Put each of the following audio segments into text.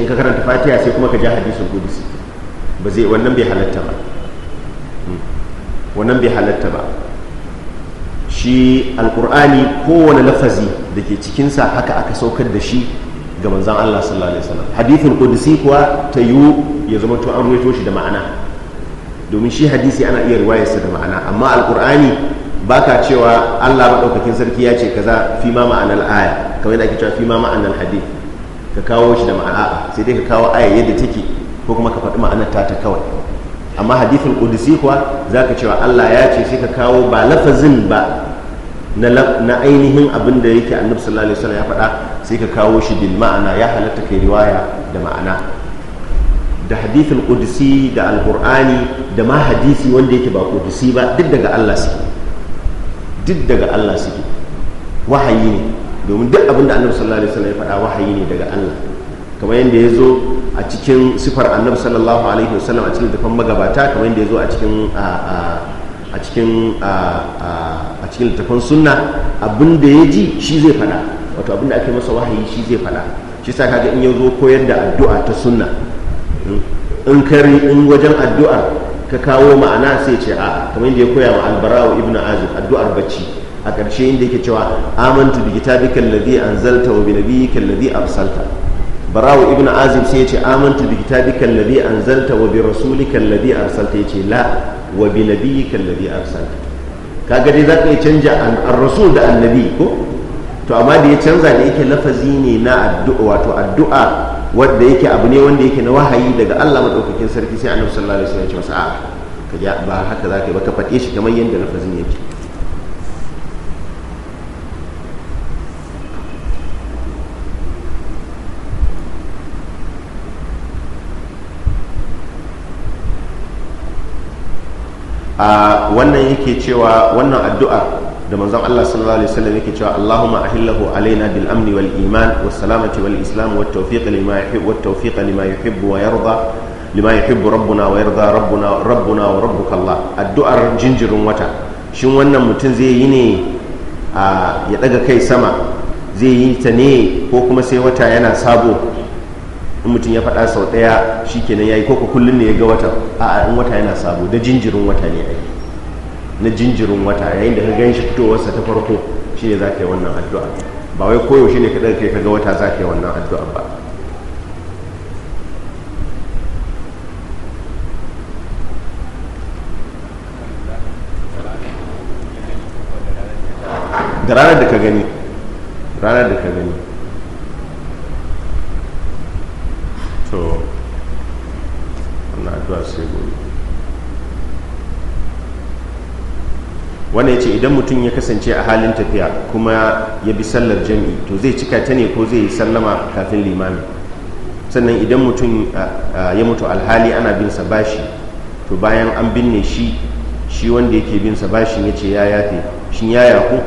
in ka karanta fatiha sai kuma ka ja hadisul qudsi ba zai wannan bai halatta ba hmm. wannan bai halatta ba shi alkur'ani kowane lafazi da ke cikinsa haka aka saukar da shi ga manzan Allah sallallahu alaihi wasallam hadithul kuwa ta yiwu ya zama to an ruwaito shi da ma'ana domin shi hadisi ana iya riwayarsa da ma'ana amma alkur'ani baka cewa Allah maɗaukakin sarki ya ce kaza fi ma ma'anar aya kamar yadda ake cewa fi ma ma'anar hadith ka kawo shi da ma'ana sai dai ka kawo aya yadda take ko kuma ka faɗi ma'anar ta ta kawai amma hadithul qudsi kuwa zaka cewa Allah ya ce sai ka kawo ba lafazin ba na ainihin abin da yake annabi sallallahu alaihi wasallam ya faɗa sai ka kawo shi bil ma'ana ya halatta kai riwaya da ma'ana da hadithul qudsi da alqur'ani da ma hadisi wanda yake ba qudsi ba duk daga Allah suke duk daga Allah suke wahayi ne domin duk abin da annabi sallallahu alaihi wasallam ya faɗa wahayi ne daga Allah kamar yadda ya zo a cikin sifar annabi sallallahu alaihi wasallam a cikin dafan magabata kamar yadda ya zo a cikin a cikin a cikin littafan sunna abin da ya ji shi zai faɗa wato abin da ake masa wahayi shi zai faɗa shi sa kaga in ya zo koyar da addu'a ta sunna in kari in wajen addu'ar ka kawo ma'ana sai ce a kamar yadda ya koya wa albarawa ibnu azib addu'ar bacci a ƙarshe inda yake cewa amantu bi kitabika alladhi anzalta wa bi nabiyyika alladhi arsalta barawo ibn azim sai ya ce amantu bi kitabika alladhi anzalta wa bi rasulika alladhi arsalta ya ce la wa bi nabiyyika alladhi arsalta kaga dai zaka iya canja an rasul da annabi ko to amma da ya canza da yake lafazi ne na addu'a wato addu'a wanda yake abu ne wanda yake na wahayi daga Allah madaukakin sarki sai annabi sallallahu alaihi wasallam ya ce masa a ba haka zaka yi ba ka faɗe shi kamar yadda lafazin yake a wannan yake cewa wannan addu'a da manzon Allah sallallahu alaihi wasallam yake cewa Allahumma ahillahu alaina bil amni wal iman was salamati wal islam wat tawfiq lima yuhibbu wat tawfiq lima yuhibbu wa yarda lima yuhibbu rabbuna wa yarda rabbuna rabbuna wa rabbuka Allah addu'ar jinjirin wata shin wannan mutum zai yi ne ya daga kai sama zai yi ta ne ko kuma sai wata yana sabo in mutum ya faɗa sau ɗaya ya yi koko kullum ne ya ga wata a in wata yana sabo da jinjirin wata ne yi na jinjirin wata yayin da ka gan shi fitowarsa ta farko shine za ka yi wannan addu'a ba wai koyaushe ne ka ɗarfe ka ga wata za ka yi wannan addu'a ba da ranar da ka gani ranar da ka gani na addu'a sai gobe wannan ya ce idan mutum ya kasance a halin tafiya kuma ya bi sallar jam'i to zai cika ta ne ko zai yi sallama kafin limamin sannan idan mutum ya mutu alhali ana bin sa bashi to bayan an binne shi shi wanda yake bin sa bashin ya ce ya yafe shi ya yaku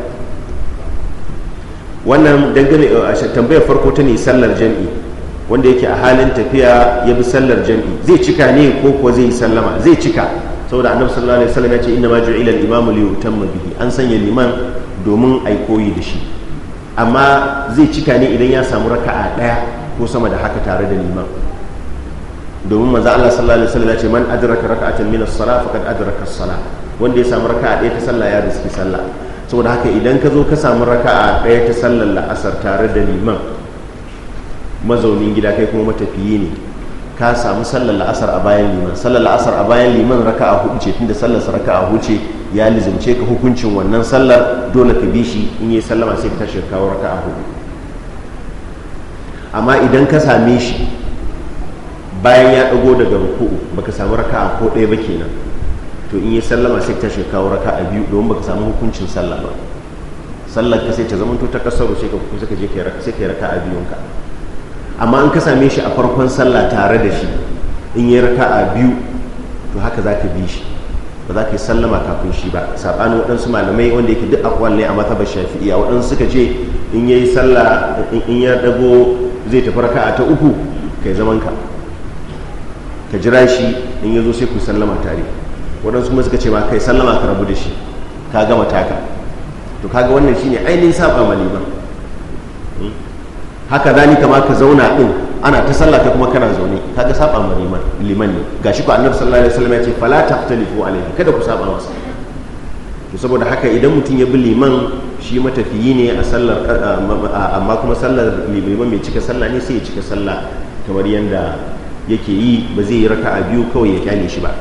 wannan dangane a tambayar farko ta ne sallar jam'i wanda yake a halin tafiya ya bi sallar jam'i zai cika ne ko kuwa zai yi sallama zai cika saboda annabi sallallahu alaihi wasallam ya ce inna ma ju'ila al-imamu li yutamma bihi an sanya liman domin ai koyi da shi amma zai cika ne idan ya samu raka'a daya ko sama da haka tare da liman domin manzo Allah sallallahu alaihi wasallam ya ce man adraka raka'atan min as-salah faqad adraka as-salah wanda ya samu raka'a daya ta sallah ya riski sallah saboda haka idan ka zo ka samu raka'a daya ta sallar la'asar tare da liman mazaunin gida kai kuma matafiye ne ka samu sallar la'asar a bayan liman sallar la'asar a bayan liman raka a hudu ce tunda sallar raka a hudu ce ya lizimce ka hukuncin wannan sallar dole ka bi shi in yi sallama sai ka tashi kawo raka a hudu amma idan ka same shi bayan ya dago daga ruku'u baka samu raka a ko ɗaya ba kenan to in yi sallama sai ka tashi kawo raka a biyu domin baka samu hukuncin sallar ba sallar ka sai ta zama ta kasar sai ka je ka yi raka a biyunka ka amma an ka same shi a farkon sallah tare da shi in yi a biyu to haka za ka bi shi ba za ka yi sallama kafin shi ba saɓanin waɗansu malamai wanda yake duk akwai ne a mata ba shafi'iya waɗansu suka ce in yi sallah in ya dago zai tafi a ta uku ka yi zaman ka jira shi in ya zo sai ku sallama tare waɗansu kuma suka ce ma kai sallama ka rabu da shi ka gama taka to kaga wannan shine ainihin saba mali ba haka zani kama ka zauna ɗin ana ta sallah kuma kana zaune kaga saba ma liman liman ne gashi ko annabi sallallahu alaihi wasallam ya ce fala taqtalifu alaihi kada ku saba masa to saboda haka idan mutum ya bi liman shi matafiyi ne a sallar amma kuma sallar liman mai cika sallah ne sai ya cika sallah kamar yanda yake yi ba zai yi raka a biyu kawai ya kyale shi ba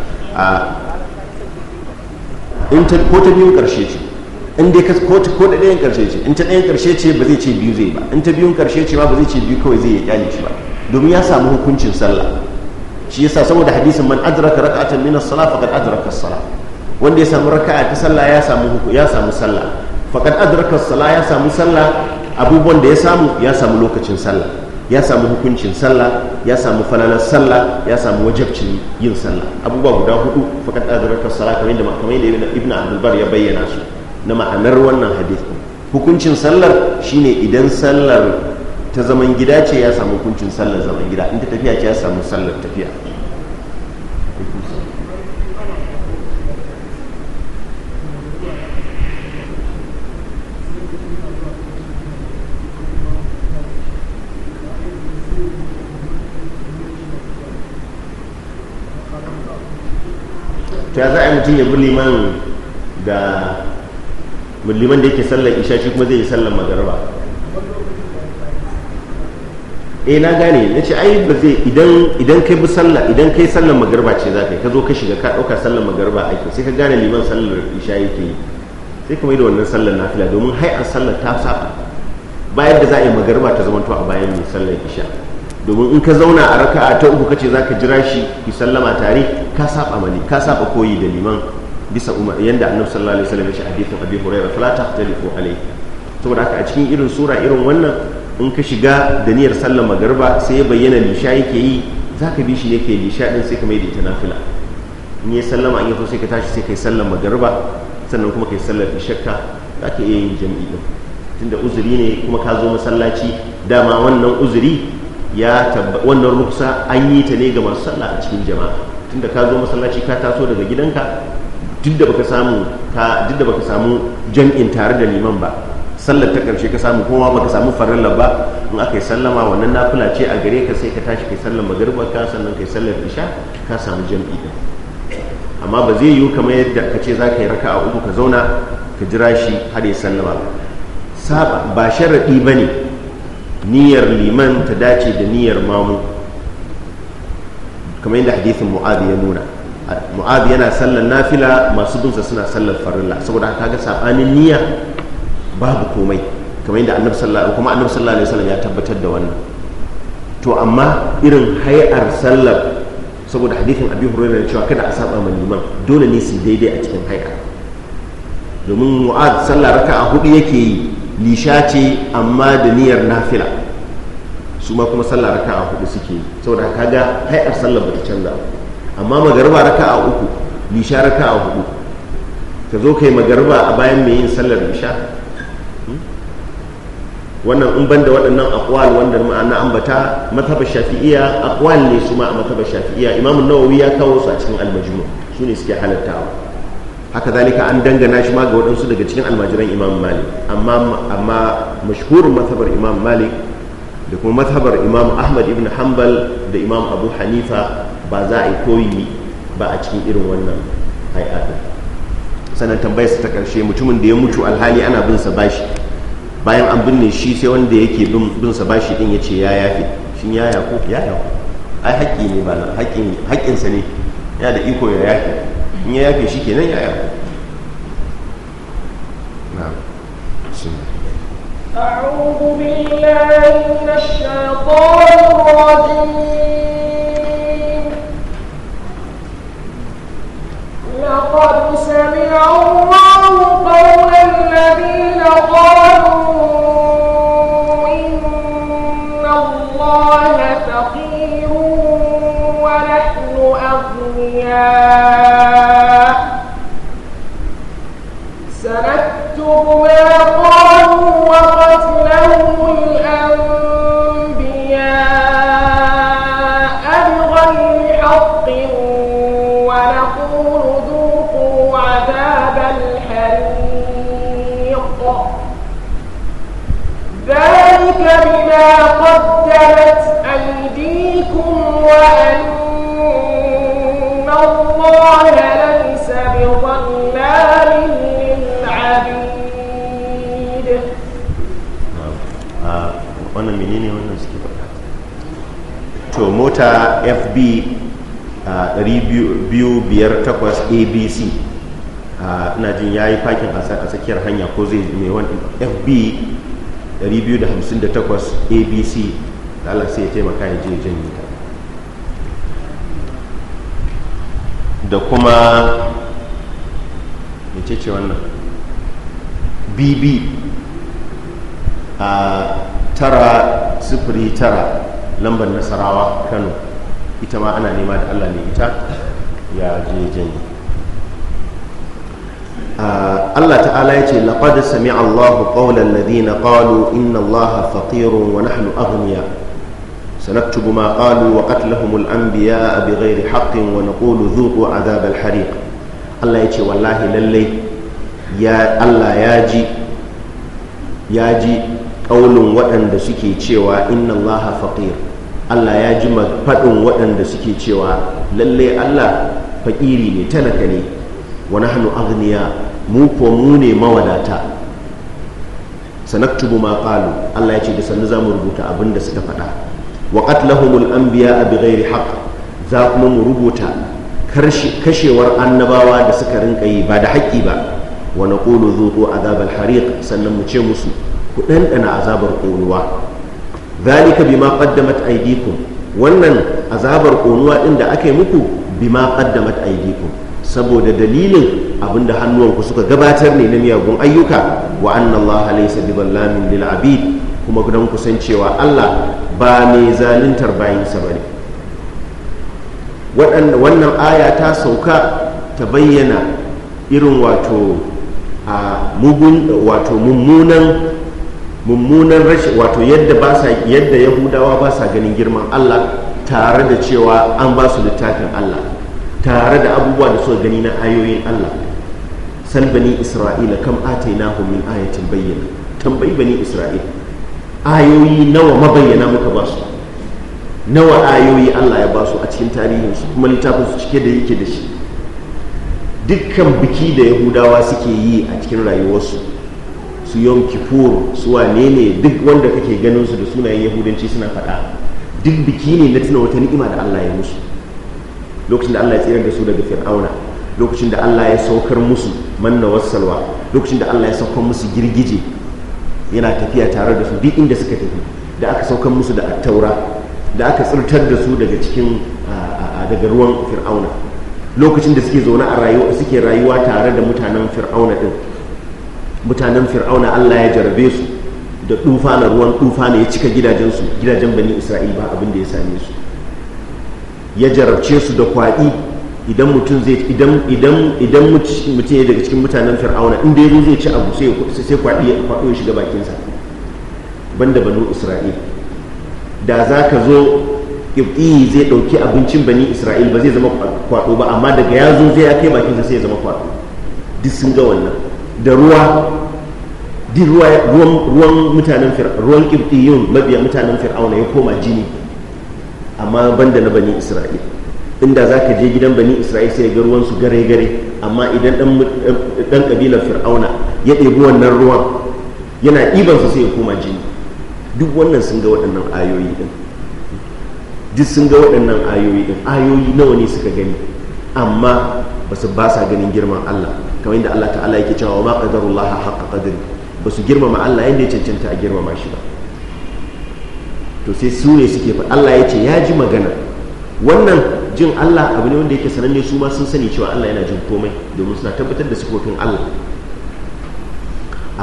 in ko ta biyun karshe ce in dai ka ko ko da ɗayan karshe ce in ta ɗayan karshe ce ba zai ce biyu zai ba in ta biyun karshe ce ma ba zai ce biyu kawai zai yi kyale shi ba domin ya samu hukuncin sallah shi yasa saboda hadisin man azraka raka'atan min as-salah faqad adraka as-salah wanda ya samu raka'a ta sallah ya samu ya samu sallah faqad adraka as-salah ya samu sallah abubuwan da ya samu ya samu lokacin sallah ya samu hukuncin sallah ya samu falalar sallah ya samu wajabcin yin sallah abubuwa guda hudu faqad adraka as-salah kamar yadda kamar yadda ibnu abdul bar ya bayyana su na ma'anar wannan hadith hukuncin sallar shine idan sallar ta zaman gida ce ya samu hukuncin sallar zaman gida in ta tafiya ce ya samu sallar tafiya ta za a mutum ya bi liman da liman da yake sallar isha shi kuma zai yi sallar magariba eh na gane na ce ai ba zai idan kai bi idan kai sallar magariba ce za ka ka zo ka shiga ka ɗauka sallar magariba ake sai ka gane liman sallar isha yake yi sai kuma yi da wannan sallar nafila domin hai'ar sallar ta saba bayan da za a yi magariba ta zama to a bayan mai sallar isha domin in ka zauna a raka'a ta uku kace za ka jira shi ki sallama tare ka saba mani ka saba koyi da liman bisa umar yadda annabi sallallahu alaihi wasallam ya ce hadithin abi hurairah fala tahtalifu alayhi saboda haka a cikin irin sura irin wannan in ka shiga da niyyar sallar magarba sai ya bayyana lisha yake yi zaka bi shi kai lisha din sai ka mai da ita nafila in ya sallama an yato sai ka tashi sai kai sallar magarba sannan kuma kai sallar za zaka iya yin jami'i din tunda uzuri ne kuma ka zo masallaci dama wannan uzuri ya wannan ruksa an yi ta ne ga masu sallah a cikin jama'a tunda ka zo masallaci ka taso daga gidanka duk baka samu ka duk jam'in tare da liman ba sallar ta karshe ka samu kowa baka samu farilla ba in aka yi sallama wannan nafila ce a gare ka sai ka tashi kai sallar magariba ka sannan kai sallar isha ka samu jam'i din amma ba zai yiwu kamar yadda ka ce za ka yi a uku ka zauna ka jira shi har ya sallama ba sharaɗi ba ne niyyar liman ta dace da niyyar mamu kamar yadda hadisin mu'adh ya nuna mu'ad yana sallar nafila masu binsa suna sallar farilla saboda haka ga sabanin niyya babu komai kamar yadda annabi sallallahu kuma annabi sallallahu alaihi wasallam ya tabbatar da wannan to amma irin hay'ar sallar saboda hadisin abi hurairah ne cewa kada a saba ma liman dole ne su daidai a cikin hay'a domin mu'ad sallar raka'a hudu yake yi lisha ce amma da niyyar nafila su ma kuma sallar raka'a hudu suke yi saboda kaga hay'ar sallar ta canza ba amma magarba raka a uku lisha raka a hudu ka zo ka yi magarba a bayan mai yin sallar lisha hmm? wannan in banda waɗannan akwal wanda ma'ana ambata mazhabar shafi'iya akwal ne su ma a mazhabar shafi'iya imam nawawi ya kawo su a cikin almajmu su ne suke halattawa haka zalika an dangana shi ma ga waɗansu daga cikin almajiran imam malik amma amma mashhurin mazhabar imam malik da kuma mazhabar imam ahmad ibn hanbal da imam abu hanifa ba za a yi koyi ba a cikin irin wannan hay'adin sannan tambayarsa ta karshe mutumin da ya mutu alhali ana bin sa bashi bayan an binne shi sai wanda yake bin sa bashi din ya ce ya yafe shin ya yako ya yako ai haƙƙi ne ba haƙƙinsa ne ya da iko ya yafe in ya yafe shi kenan ya yako أعوذ بالله من الشيطان الرجيم لقد سمع الله قول الذين قالوا إن الله فقير ونحن أغنياء قدمت أيديكم وأن الله ليس بظلام للعبيد wannan menene wannan suke faɗa to mota fb 258 abc ina jin ya yi fakin a tsakiyar hanya ko zai mai wani fb 258 abc Allah sai ya taimaka ya je ya janye ta da kuma mece ce wannan bb a tara sufuri tara lambar nasarawa kano ita ma ana nema da allah ne ita ya je janye allah ta'ala ya ce laƙad sami allahu ƙaunar ladina ƙalu inna allaha faƙirun wa nahnu aghniya سنكتب ما قالوا وقتلهم الأنبياء بغير حق ونقول ذوقوا عذاب الحريق الله يتي والله للي يا الله ياجي ياجي قول وأن دسكي تشيوا إن الله فقير الله ياجي مفد وأن دسكي تشيوا للي الله فقيري تلكني ونحن أغنياء موكو موني موداتا sanaktubu ما qalu Allah ya ce da sannu zamu rubuta abin da suka faɗa an biya a bighairi haqq za kuma mu rubuta kashewar annabawa da suka rinka yi ba da haƙƙi ba wa naqulu dhuqu azabal hariq sannan mu ce musu ku ɗanɗana azabar ƙonuwa zalika bima qaddamat aydikum wannan azabar ƙonuwa ɗin da aka yi muku bima qaddamat aydikum saboda dalilin abinda hannuwanku suka gabatar ne na miyagun ayyuka wa anna allaha laysa biballamin lil abid kuma gudan kusancewa Allah ba mai zaluntar bayansa ba ne wannan aya ta sauka ta bayyana irin wato a wato mummunan mummunan rashin wato yadda ba sa yadda yahudawa ba sa ganin girman allah tare da cewa an ba su littafin allah tare da abubuwa da suka gani na ayoyin allah san bani isra'ila kam atainahum min ayatin bayyana tambayi bani isra'ila ayoyi nawa mabayyana muka ba su nawa ayoyi Allah ya ba su a cikin tarihinsu kuma littafin su cike da yake da shi dukkan biki da yahudawa suke yi a cikin rayuwarsu su yom kifur su wane ne duk wanda kake ganin su da sunayen yahudanci suna faɗa duk biki ne na tuna wata ni'ima da Allah ya musu lokacin da Allah ya tsirar da su daga fir'auna lokacin da Allah ya saukar musu manna wasalwa lokacin da Allah ya saukar musu girgije yana tafiya tare da su duk inda suka tafi da aka saukan musu da attaura da aka tsirtar da su daga cikin daga ruwan fir'auna lokacin da suke zaune a rayuwa suke rayuwa tare da mutanen fir'auna din mutanen fir'auna Allah ya jarabe su da dufa na ruwan dufa ne ya cika gidajen su gidajen bani Isra'il ba abin da ya same su ya jarabce su da kwaɗi idan mutum zai idan idan idan mutum ya daga cikin mutanen fir'auna inda yanzu zai ci abu sai sai kwaɗi ya kwaɗo ya shiga bakin sa banda banu isra'il da za ka zo ibtiyi zai ɗauki abincin bani isra'il ba zai zama kwaɗo ba amma daga ya zo zai ya kai bakin sa sai ya zama kwaɗo duk sun ga wannan da ruwa duk ruwan mutanen ruwan ibtiyin mabiya mutanen fir'auna ya koma jini amma banda na bani isra'il inda za ka je gidan bani isra'il sai ga su gare-gare amma idan dan kabilar fir'auna ya ɗebi wannan ruwan yana su sai ya koma jini duk wannan sun ga waɗannan ayoyi ɗin duk sun ga waɗannan ayoyi ɗin ayoyi nawa ne suka gani amma ba su ba sa ganin girman allah kamar yadda allah ta'ala yake cewa ma qadarullah haqqa qadri ba su girmama allah yadda ya cancanta a girmama shi ba to sai su ne suke fa allah ya ce ya ji magana wannan jin Allah abu ne wanda yake sananne su ma sun sani cewa Allah yana jin komai domin suna tabbatar da sifofin Allah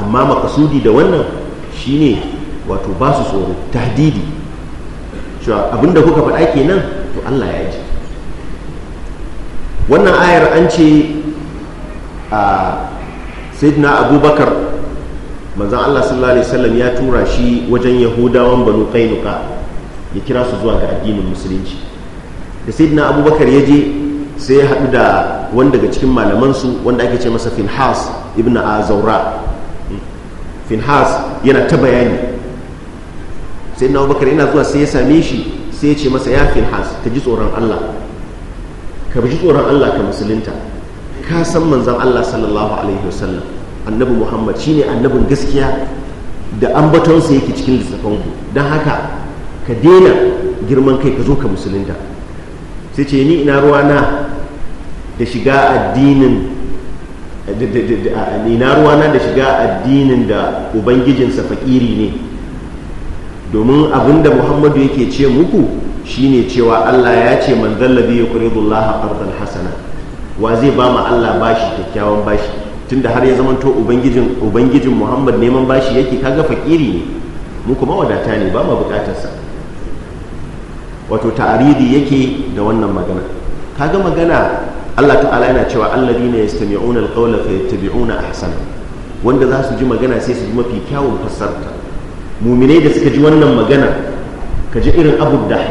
amma makasudi da wannan shine wato ba su tsoro tahdidi cewa abinda kuka faɗa kenan to Allah ya ji wannan ayar an ce a sayyidina abubakar manzan Allah sallallahu alaihi wasallam ya tura shi wajen yahudawan banu qainuqa ya kira su zuwa ga addinin musulunci da sayyidina abubakar ya je sai ya haɗu da wani daga cikin malamansu wanda ake ce masa finhas ibn Az-Zaura. finhas yana ta bayani sayyidina abubakar yana zuwa sai ya same shi sai ya ce masa ya finhas ka ji tsoron allah ka ji tsoron allah ka musulunta ka san manzan allah sallallahu alaihi wasallam annabi muhammad shi ne annabin gaskiya da an ambatonsa yake cikin lissafanku don haka ka daina girman kai ka zo ka musulunta sai ce ni ina ruwana da shiga addinin ina na da shiga addinin da ubangijinsa fakiri ne domin abinda muhammadu yake ce muku shine cewa allah ya ce man zallabi ya zullaha qardan hasana wa zai ba ma allah bashi kyakkyawan bashi tunda har ya zamanto ubangijin ubangijin muhammad neman bashi yake kaga fakiri ne mu kuma ne ba ma bukatarsa wato ta'aridi yake da wannan magana ka ga magana Allah ta'ala yana cewa allah ya yastami'una alqawla fayattabi'una ahsana wanda za su ji magana sai su ji mafi kyawun fassarta muminai da suka ji wannan magana ka ji irin abu dahda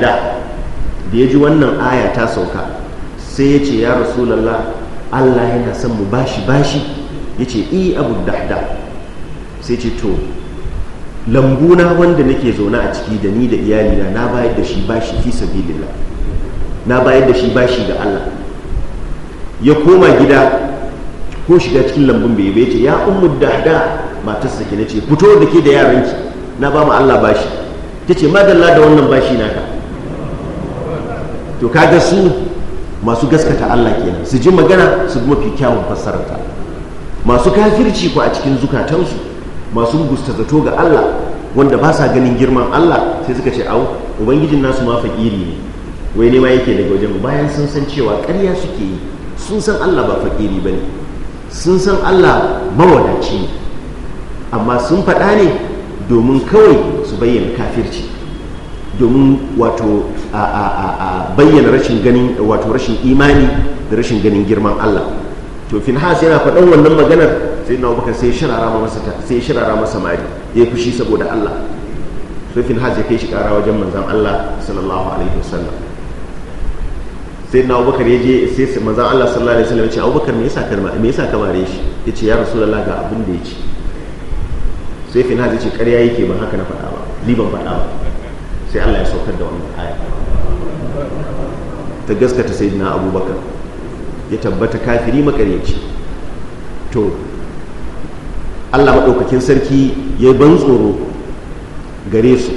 da ya ji wannan aya ta sauka sai ya ce ya rasulallah Allah yana son mu bashi bashi ya ce i eh, abu dahda sai ce to lambuna wanda nake zaune a ciki da ni da iyalina na bayar da shi bashi fi sabilillah na bayar da shi bashi ga Allah ya koma gida ko shiga cikin lambun bai bai ce ya ummu dahda matarsa ke nace fito da ke da yaranki na ba mu Allah bashi tace madalla da wannan bashi naka to kaga su masu gaskata Allah kenan su ji magana su mafi kyawun fassararta masu kafirci ku a cikin zukatansu masu gusta zato ga Allah wanda ba sa ganin girman Allah sai suka ce au ubangijin nasu ma fakiri ne wai ne ma yake daga wajen bayan sun san cewa ƙarya suke yi sun san Allah ba fakiri ba ne sun san Allah mawadaci ne amma sun faɗa ne domin kawai su bayyana kafirci domin wato a bayyana rashin ganin wato rashin imani da rashin ganin girman Allah to finhas yana faɗan wannan maganar sai na abubakar sai ya shirara masa mari ya yi fushi saboda allah sai finhas ya kai shi kara wajen manzan allah sallallahu alaihi wasallam sai na abubakar ya je sai manzan allah sallallahu alaihi wasallam ya ce abubakar me yasa karma me yasa kamare shi ya ce ya rasulullah ga abin da ya ce sai finhas ya ce karya yake ba haka na faɗa ba ban faɗa ba sai allah ya saukar da wannan aya ta gaskata sayyidina abubakar ya tabbata kafiri makaryaci to allah maɗaukakin sarki ya yi ban tsoro gare su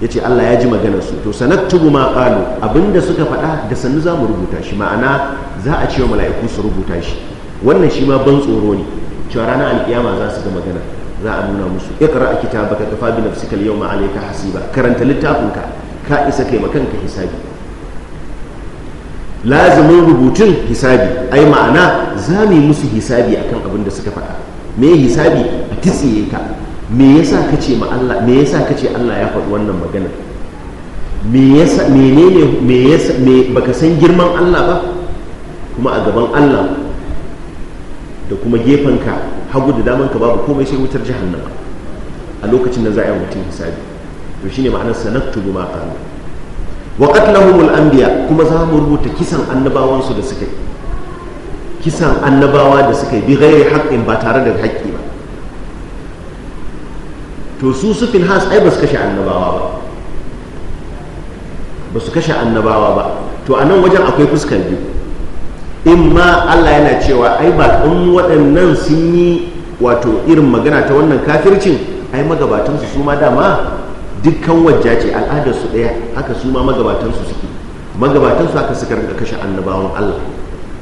ya ce allah ya ji su to tubu ma ƙalu abinda suka faɗa da sannu za mu rubuta shi ma'ana za a cewa mala'iku su rubuta shi wannan shi ma ban tsoro ne cewa ranar alƙiyama za su ga magana za a nuna musu ka kita iqra kitabaka kafa yau nafsika al ka hasi ba. karanta littafinka ka isa kai ka hisabi lazimin rubutun hisabi ai ma'ana za mu yi musu hisabi akan abin da suka faɗa me ya hisabi a titsiye ka me sa kace ce Allah me ka ce Allah ya faɗi wannan magana me ya sa me ne me baka san girman Allah ba kuma a gaban Allah da kuma gefen ka hagu da daman ka babu komai sai wutar jahannama a lokacin da za a yi mutum hisabi to shine ma'anar sanaktubu ma qalu wa qatlahumul anbiya kuma za mu rubuta kisan annabawansu da suka yi kisan annabawa da suka yi bi gairi haƙƙin ba tare da haƙƙi ba to su sufin has ai ba su kashe annabawa ba ba su kashe annabawa ba to a nan wajen akwai fuskan biyu in ma allah yana cewa ai ba in waɗannan sun yi wato irin magana ta wannan kafircin ai magabatansu su ma dama dukkan wajja ce al'adarsu ɗaya haka su ma magabatansu suke magabatansu haka suka rinka kashe annabawan allah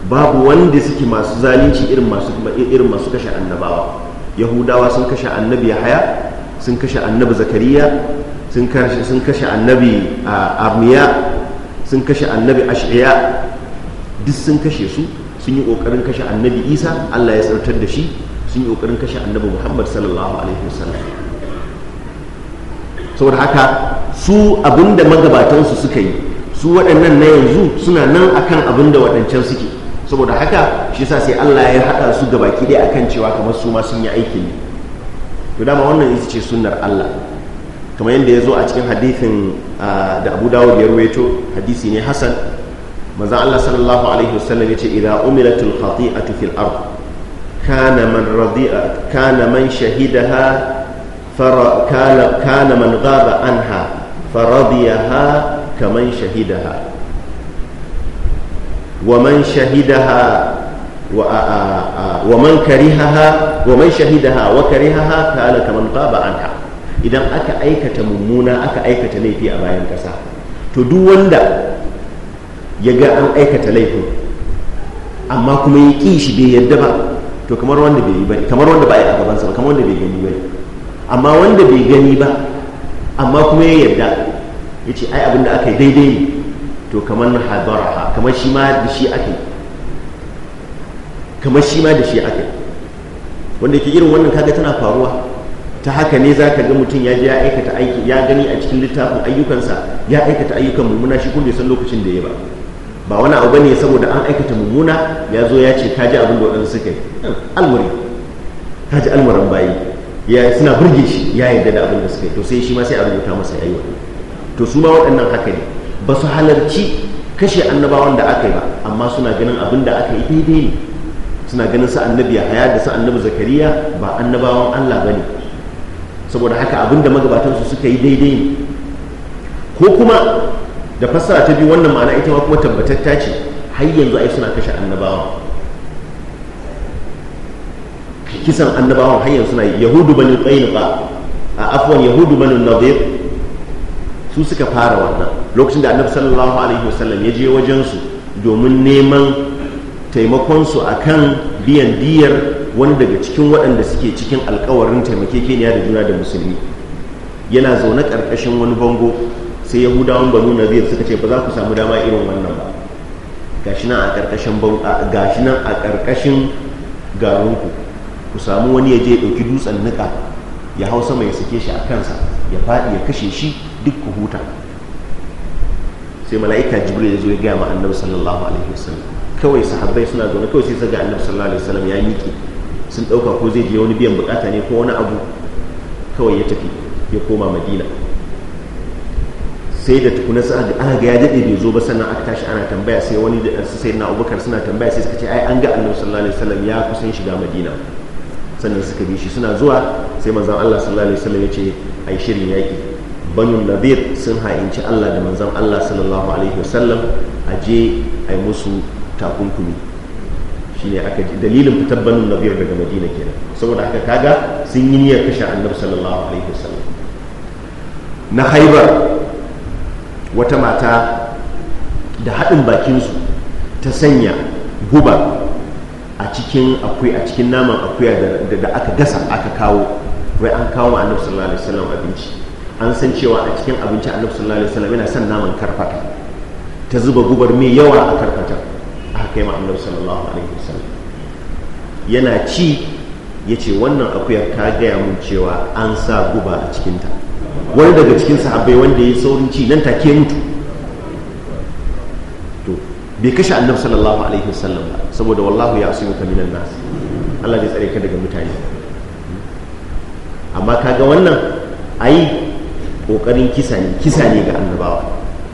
babu wanda suke masu zalunci irin masu irin masu kashe annabawa yahudawa sun kashe annabi yahaya sun kashe annabi zakariya sun kashe sun kashe annabi armiya sun kashe annabi ashiya duk sun kashe su sun yi kokarin kashe annabi isa allah ya tsartar da shi sun yi kokarin kashe annabi muhammad sallallahu alaihi wasallam saboda haka su abinda magabatansu suka yi su waɗannan na yanzu suna nan akan abinda waɗancan suke saboda haka shi yasa sai Allah ya haɗa su ga baki ɗaya akan cewa kamar su ma sun yi aikin ne to dama wannan ita ce sunnar Allah kamar yadda ya zo a cikin hadithin da Abu Dawud ya ruwaito hadisi ne Hassan manzo Allah sallallahu alaihi wasallam yace idza umilatul khati'atu fil ard kana man radi'a kana man shahidaha fara kana kana man ghaba anha faradiyaha kaman shahidaha ومن شهدها ومن كرهها ومن شهدها وكرهها كان كمن غاب عنها idan aka aikata mummuna aka aikata laifi a bayan ƙasa to duk wanda ya ga an aikata laifin amma kuma ya ƙi shi bai yadda ba to kamar wanda bai yi ba kamar wanda ba a gabansa ba kamar wanda bai gani ba amma wanda bai gani ba amma kuma ya yadda, ya ce ai abin aka yi daidai ne to kamar na ha kamar shi ma da shi ake kamar shi ma da shi ake wanda ke irin wannan kaga tana faruwa ta haka ne za ka ga mutum ya je ya aikata aiki ya gani a cikin littafin ayyukansa ya aikata ayyukan mummuna shi kun bai san lokacin da ya ba ba wani abu ne saboda an aikata mummuna ya zo ya ce ka ji abin da waɗansu suka yi hmm, alwari ka ji alwaran bayi ya suna burge shi ya yarda da abin da suka yi to sai shi ma sai a rubuta masa yayi to su ma waɗannan haka ne ba su halarci kashe annabawan da aka yi ba amma suna ganin abin da aka yi daidai ne suna ganin sa annabi haya da sa annabi zakariya ba annabawan allah ba ne saboda haka abin da magabatansu suka yi daidai ne ko kuma da fassara ta biyu wannan ma'ana ita ma kuma tabbatatta ce har yanzu ai suna kashe annabawan kisan annabawan har yanzu suna yahudu bani qainqa a afwan yahudu bani nadir su suka fara wannan lokacin da annabi sallallahu alaihi wasallam ya je wajen su domin neman taimakon su akan biyan diyar wani daga cikin waɗanda suke cikin alkawarin taimakekeniya da juna da musulmi yana zaune ƙarƙashin wani bango sai yahudawan banu nazir suka ce ba za ku samu dama irin wannan ba gashi nan a ƙarƙashin gashi nan a ƙarƙashin garinku ku samu wani ya je ya ɗauki dutsen niƙa ya hau sama ya sake shi a kansa ya faɗi ya kashe shi duk ku huta sai mala'ika jibril ya zo ya gaya ma annabi sallallahu alaihi wasallam kawai sahabbai suna zaune kawai sai ga annabi sallallahu alaihi wasallam ya miƙe sun ɗauka ko zai je wani biyan bukata ne ko wani abu kawai ya tafi ya koma madina sai da tukuna sa ga aka ya dade bai zo ba sannan aka tashi ana tambaya sai wani da sai na Abubakar suna tambaya sai suka ce ai an ga Annabi sallallahu alaihi wasallam ya kusan shiga Madina sannan suka bi shi suna zuwa sai manzon Allah sallallahu alaihi wasallam ya ce ai shirin yaki banu nadir sun ha'inci allah da manzan allah sallallahu alaihi wasallam a je a yi musu takunkumi shine aka ji dalilin fitar banu nadir daga madina kenan saboda haka kaga sun yi niyyar kashe annabi sallallahu alaihi wasallam na haibar wata mata da haɗin bakinsu ta sanya guba a cikin akwai a cikin naman akuya da aka gasa aka kawo wai an kawo annabi sallallahu alaihi wasallam abinci an san cewa a cikin abinci annabi sallallahu alaihi wasallam yana son naman karfata ta zuba gubar mai yawa a karfata aka kai ma annabi sallallahu alaihi wasallam yana ci ya ce wannan akuyar ta gaya mun cewa an sa guba a cikinta wani daga cikin sahabbai wanda ya saurin ci nan take mutu to bai kashe annabi sallallahu alaihi wasallam ba saboda wallahu ya asimu ka minan nas Allah zai tsare ka daga mutane amma kaga wannan ayi. kokarin kisa ne kisa ne ga annabawa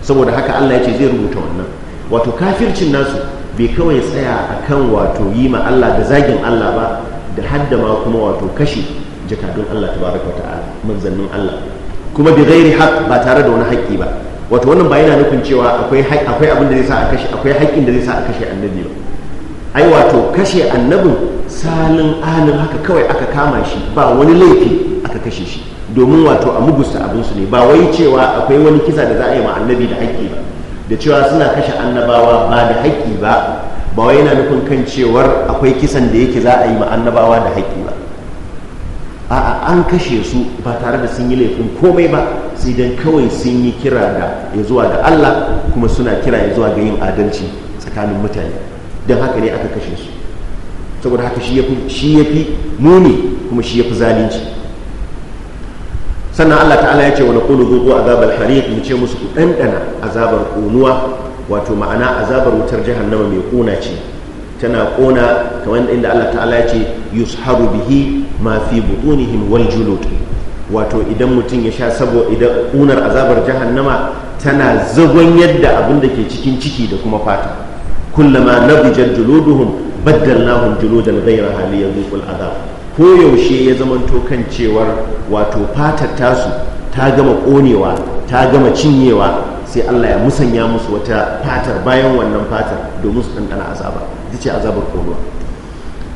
saboda haka Allah ya ce zai rubuta wannan wato kafircin nasu bai kawai tsaya a kan wato yi ma Allah da zagin Allah ba da hadda ma kuma wato kashe jakadun Allah tabaraka ta'ala manzannin Allah kuma bi ghairi haq ba tare da wani haƙƙi ba wato wannan ba yana nufin cewa akwai akwai abin da zai sa a kashe akwai haƙƙin da zai sa a kashe annabi ba ai wato kashe annabin salin alin haka kawai aka kama shi ba wani laifi aka kashe shi domin wato a mugusta abinsu ne ba wai cewa akwai wani kisa da za a yi ma annabi da haƙƙi ba da cewa suna kashe annabawa ba da haƙƙi ba ba wai yana nufin kan cewar akwai kisan da yake za a yi ma annabawa da haƙƙi ba a'a an kashe su ba tare da sun yi laifin komai ba sai dan kawai sun yi kira da ya zuwa ga Allah kuma suna kira ya zuwa ga yin adalci tsakanin mutane don haka ne aka kashe su saboda haka shi ya fi muni kuma shi ya fi zalunci sannan Allah ta'ala ya ce wa naqulu dhuqu azabal hariq mu ce musu ku dandana azabar kunuwa wato ma'ana azabar wutar jahannama mai kuna ce tana kona kamar inda Allah ta'ala ya ce yusharu bihi ma fi butunihim wal julud wato idan mutum ya sha sabo idan kunar azabar jahannama tana zagon yadda abin da ke cikin ciki da kuma fata kullama nabijat juluduhum baddalnahum juludan ya liyadhuqul azab koyaushe ya zamanto kan cewar wato fatar tasu ta gama konewa ta gama cinyewa sai Allah ya musanya musu wata fatar bayan wannan fatar domin su ɗanɗana azaba ita ce azabar koruwa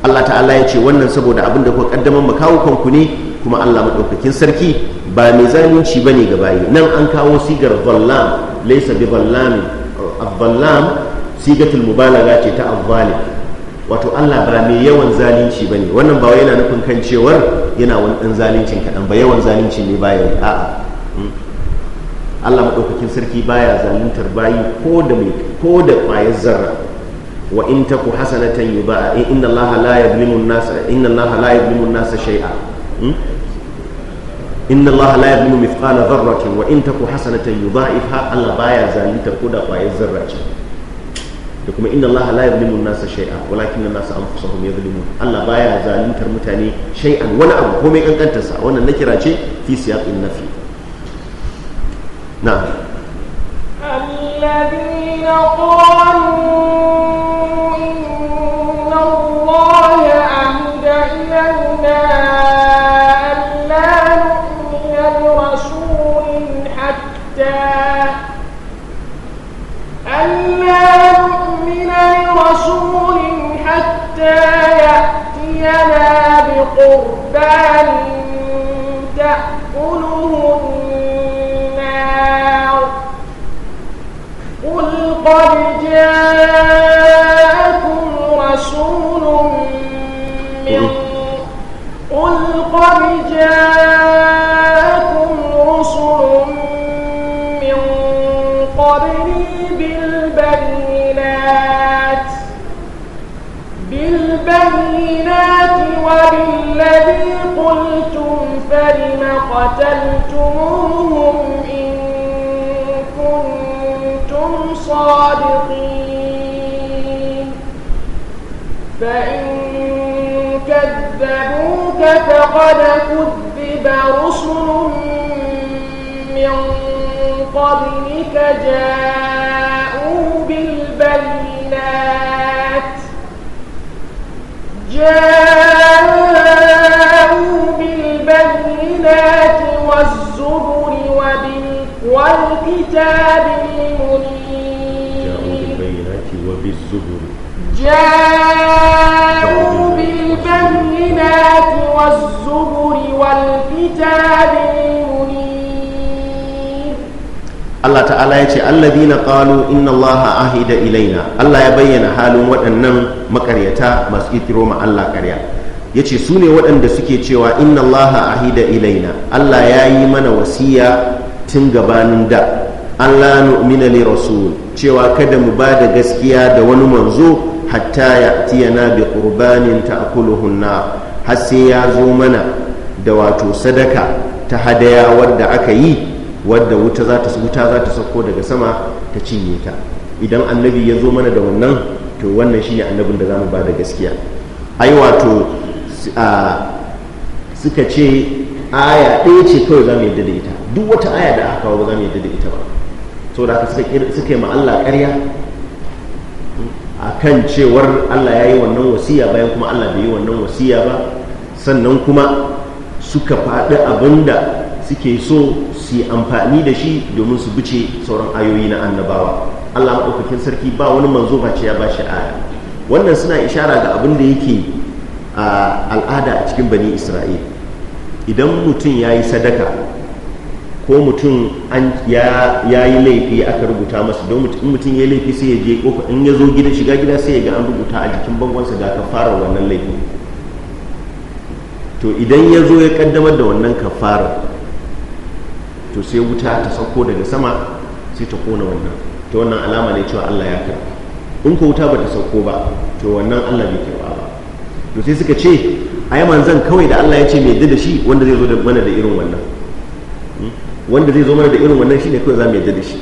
Allah ta'ala ya ce wannan saboda abin da kuka ƙaddamar kanku ne kuma Allah maɗaukakin sarki ba mai zalunci ba ne ga bayi nan an kawo sigar vallam laisa bi zallamin uh, sigatul mubalaga ce ta azzalim wato Allah ba mai yawan zalunci bane wannan ba yana nufin kan cewar yana wani dan zaluncin kaɗan ba yawan zalunci ne baya yi a'a hmm. Allah maɗaukakin sarki baya zaluntar bayi ko da mai ko da ƙwayar zarra wa in taku hasanatan yuba eh, inna Allah la yuzlimu an-nasa inna Allah la yuzlimu an-nasa shay'a hmm. inna allaha la yadhlimu mithqala dharratin wa in taku hasanatan yudha'ifha allah baya zaluntar ko da kwayar zarra ce da kuma inna Allah la yuzlimu an-nasa shay'a walakin an-nasa anfusahum yuzlimun Allah baya zaluntar mutane shay'an wani abu komai kankantar sa wannan nakira ce fi siyaqin nafi na'am الذين قد جاءكم رسول من قل قد جاءكم رسل من قبلي بالبينات بالبينات وبالذي قلتم فلم قتلتموهم إن الصادقين فإن كذبوك فقد كذب رسل من قبلك جاءوا بالبينات جاءوا بالبينات والزبر وبالكتاب المنير بالزبر جاءوا بالبينات والزبر والكتاب Allah ta'ala ya ce dina qalu inna Allah ahida ilaina Allah ya bayyana halin waɗannan makaryata masu kitro ma Allah ƙarya ya ce su ne waɗanda suke cewa inna Allah ahida ilaina Allah ya yi mana wasiya tun gabanin da Allah nu'mina li rasul cewa kada mu ba da gaskiya da wani manzo hatta ya tiyana bi qurbanin ta'kuluhu na har sai ya zo mana da wato sadaka ta hadaya wadda aka yi wadda wuta za ta wuta za ta sauko daga sama ta cinye ta idan annabi ya zo mana da wannan to wannan shine annabin da zamu ba da gaskiya ai wato suka ce aya ɗaya ce kawai za mu yadda da ita duk wata aya da aka kawo ba za mu yadda da ita ba so da suka yi ma Allah ƙarya a kan cewar Allah ya yi wannan wasiya bayan kuma Allah bai yi wannan wasiya ba sannan kuma suka faɗi abin da suke so su yi amfani da shi domin su bice sauran ayoyi na annabawa Allah maɗaukakin sarki ba wani manzo ba ce ya ba shi aya wannan suna ishara ga abin da yake al'ada a cikin bani isra'il idan mutum ya yi sadaka ko mutum ya yi laifi aka rubuta masa don mutum ya laifi sai ya je kofa in ya zo gida shiga gida sai ya ga an rubuta a jikin bangonsa ga kafarar wannan laifin to idan ya zo ya kaddamar da wannan fara to sai wuta ta sauko daga sama sai ta kona wannan ta wannan alama ne cewa Allah ya karba in ko wuta ba ta sauko ba to wannan Allah bai karba ba to sai suka ce ai zan kawai da Allah ya ce mai da shi wanda zai zo da mana da irin wannan wanda zai zo mana da irin wannan shine kawai za mu yadda da shi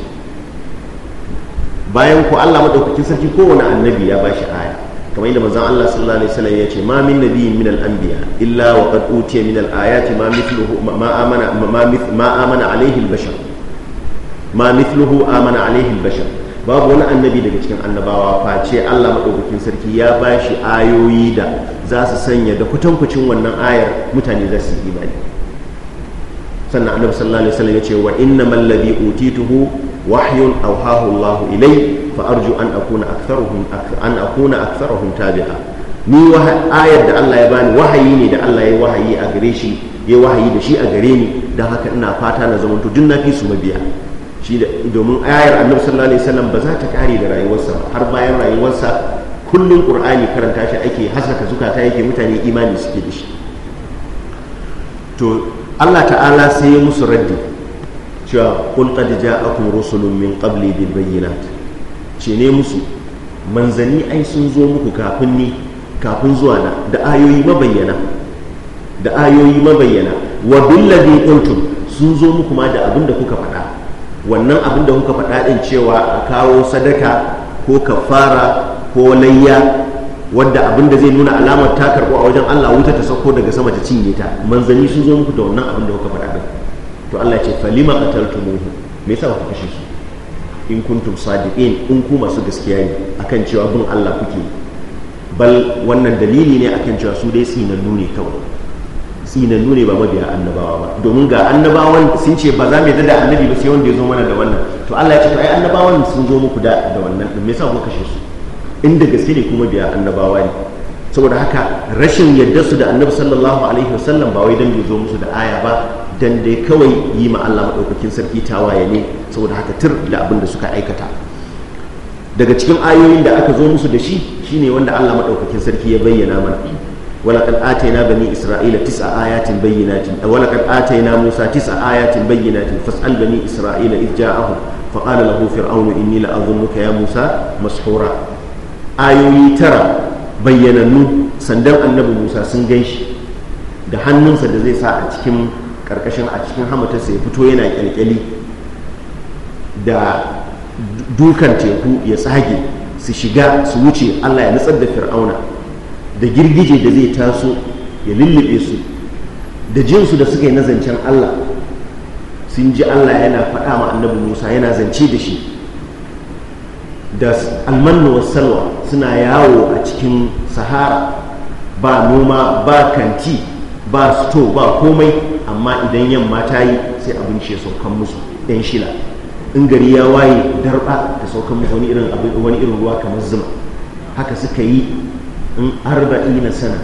bayan ku Allah madaukakin sarki wani annabi ya bashi aya kamar yadda manzon Allah sallallahu alaihi wasallam ya ce ma min nabiyyin min al-anbiya illa wa qad utiya min al-ayati ma mithluhu ma amana ma amana alaihi al-bashar ma mithluhu amana alaihi al-bashar babu wani annabi daga cikin annabawa face Allah madaukakin sarki ya bashi ayoyi da za su sanya da kutankucin wannan ayar mutane za su yi imani sannan annabi sallallahu alaihi wasallam yace wa man ladhi utituhu wahyun awhahu Allahu ilai fa arju an akuna aktharuhum an akuna aktharuhum tabi'a ni ayar da Allah ya bani wahayi ne da Allah ya wahayi a gare shi ya wahayi da shi a gare ni dan haka ina fata na zaman to na fi su mabiya shi domin ayar annabi sallallahu alaihi wasallam ba za ta kare da rayuwarsa har bayan rayuwarsa kullum qur'ani karanta shi ake hasaka zukata yake mutane imani suke da shi to Allah ta'ala sai ya musu raddi cewa qul qad ja'akum rusulun min qabli bil bayyinat ce ne musu manzani ai sun zo muku kafin ni kafin zuwa na da ayoyi mabayyana da ayoyi mabayyana wa billadhi qultum sun zo muku ma da abin da kuka faɗa wannan abin da kuka faɗa din cewa a kawo sadaka ko kafara ko layya wadda abin da zai nuna alamar ta karɓo a wajen Allah wuta ta sauko daga sama ta cinye ta manzanni sun zo muku da wannan abin da kuka faɗa din to Allah ya ce falima muhu me yasa kuka kashe shi in kuntum sadiqin in ku masu gaskiya ne akan cewa bin Allah kuke bal wannan dalili ne akan cewa su dai tsinannu ne kawai tsinannu ne ba mabiya annabawa ba domin ga annabawan sun ce ba za mu yarda da annabi ba sai wanda ya zo mana da wannan to Allah ya ce to ai annabawan sun zo muku da wannan me yasa kuka kashe su inda gaske ne kuma biya annabawa ne saboda haka rashin yadda su da annabi sallallahu alaihi wasallam ba wai dan bai zo musu da aya ba dan dai kawai yi ma Allah madaukakin sarki tawaye ne saboda haka tur da abin da suka aikata daga cikin ayoyin da aka zo musu da shi shine wanda Allah madaukakin sarki ya bayyana mana ولقد آتينا بني إسرائيل تسع آيات بينات ولقد آتينا musa tis'a ayatin bayyinatin fas'al bani isra'ila إذ جاءهم فقال له فرعون inni لأظنك ya musa ayoyi tara bayyanannu sandan annabi musa sun gan shi da hannunsa da zai sa a cikin karkashin a cikin hamatarsa ya fito yana kyalkyali da dukan teku ya tsage su shiga su wuce allah ya nutsar da fir'auna da girgije da zai taso ya lullube su da jinsu da suka yi na zancen allah sun ji allah yana faɗa ma annabi musa yana zance da shi da almanu salwa suna yawo a cikin sahara ba noma ba kanti ba sto ba komai amma idan yamma ta yi sai abin shi saukan musu ɗan shila in gari ya waye darba ta saukan musu wani irin wani irin ruwa kamar zuma haka suka yi in arba'in na sana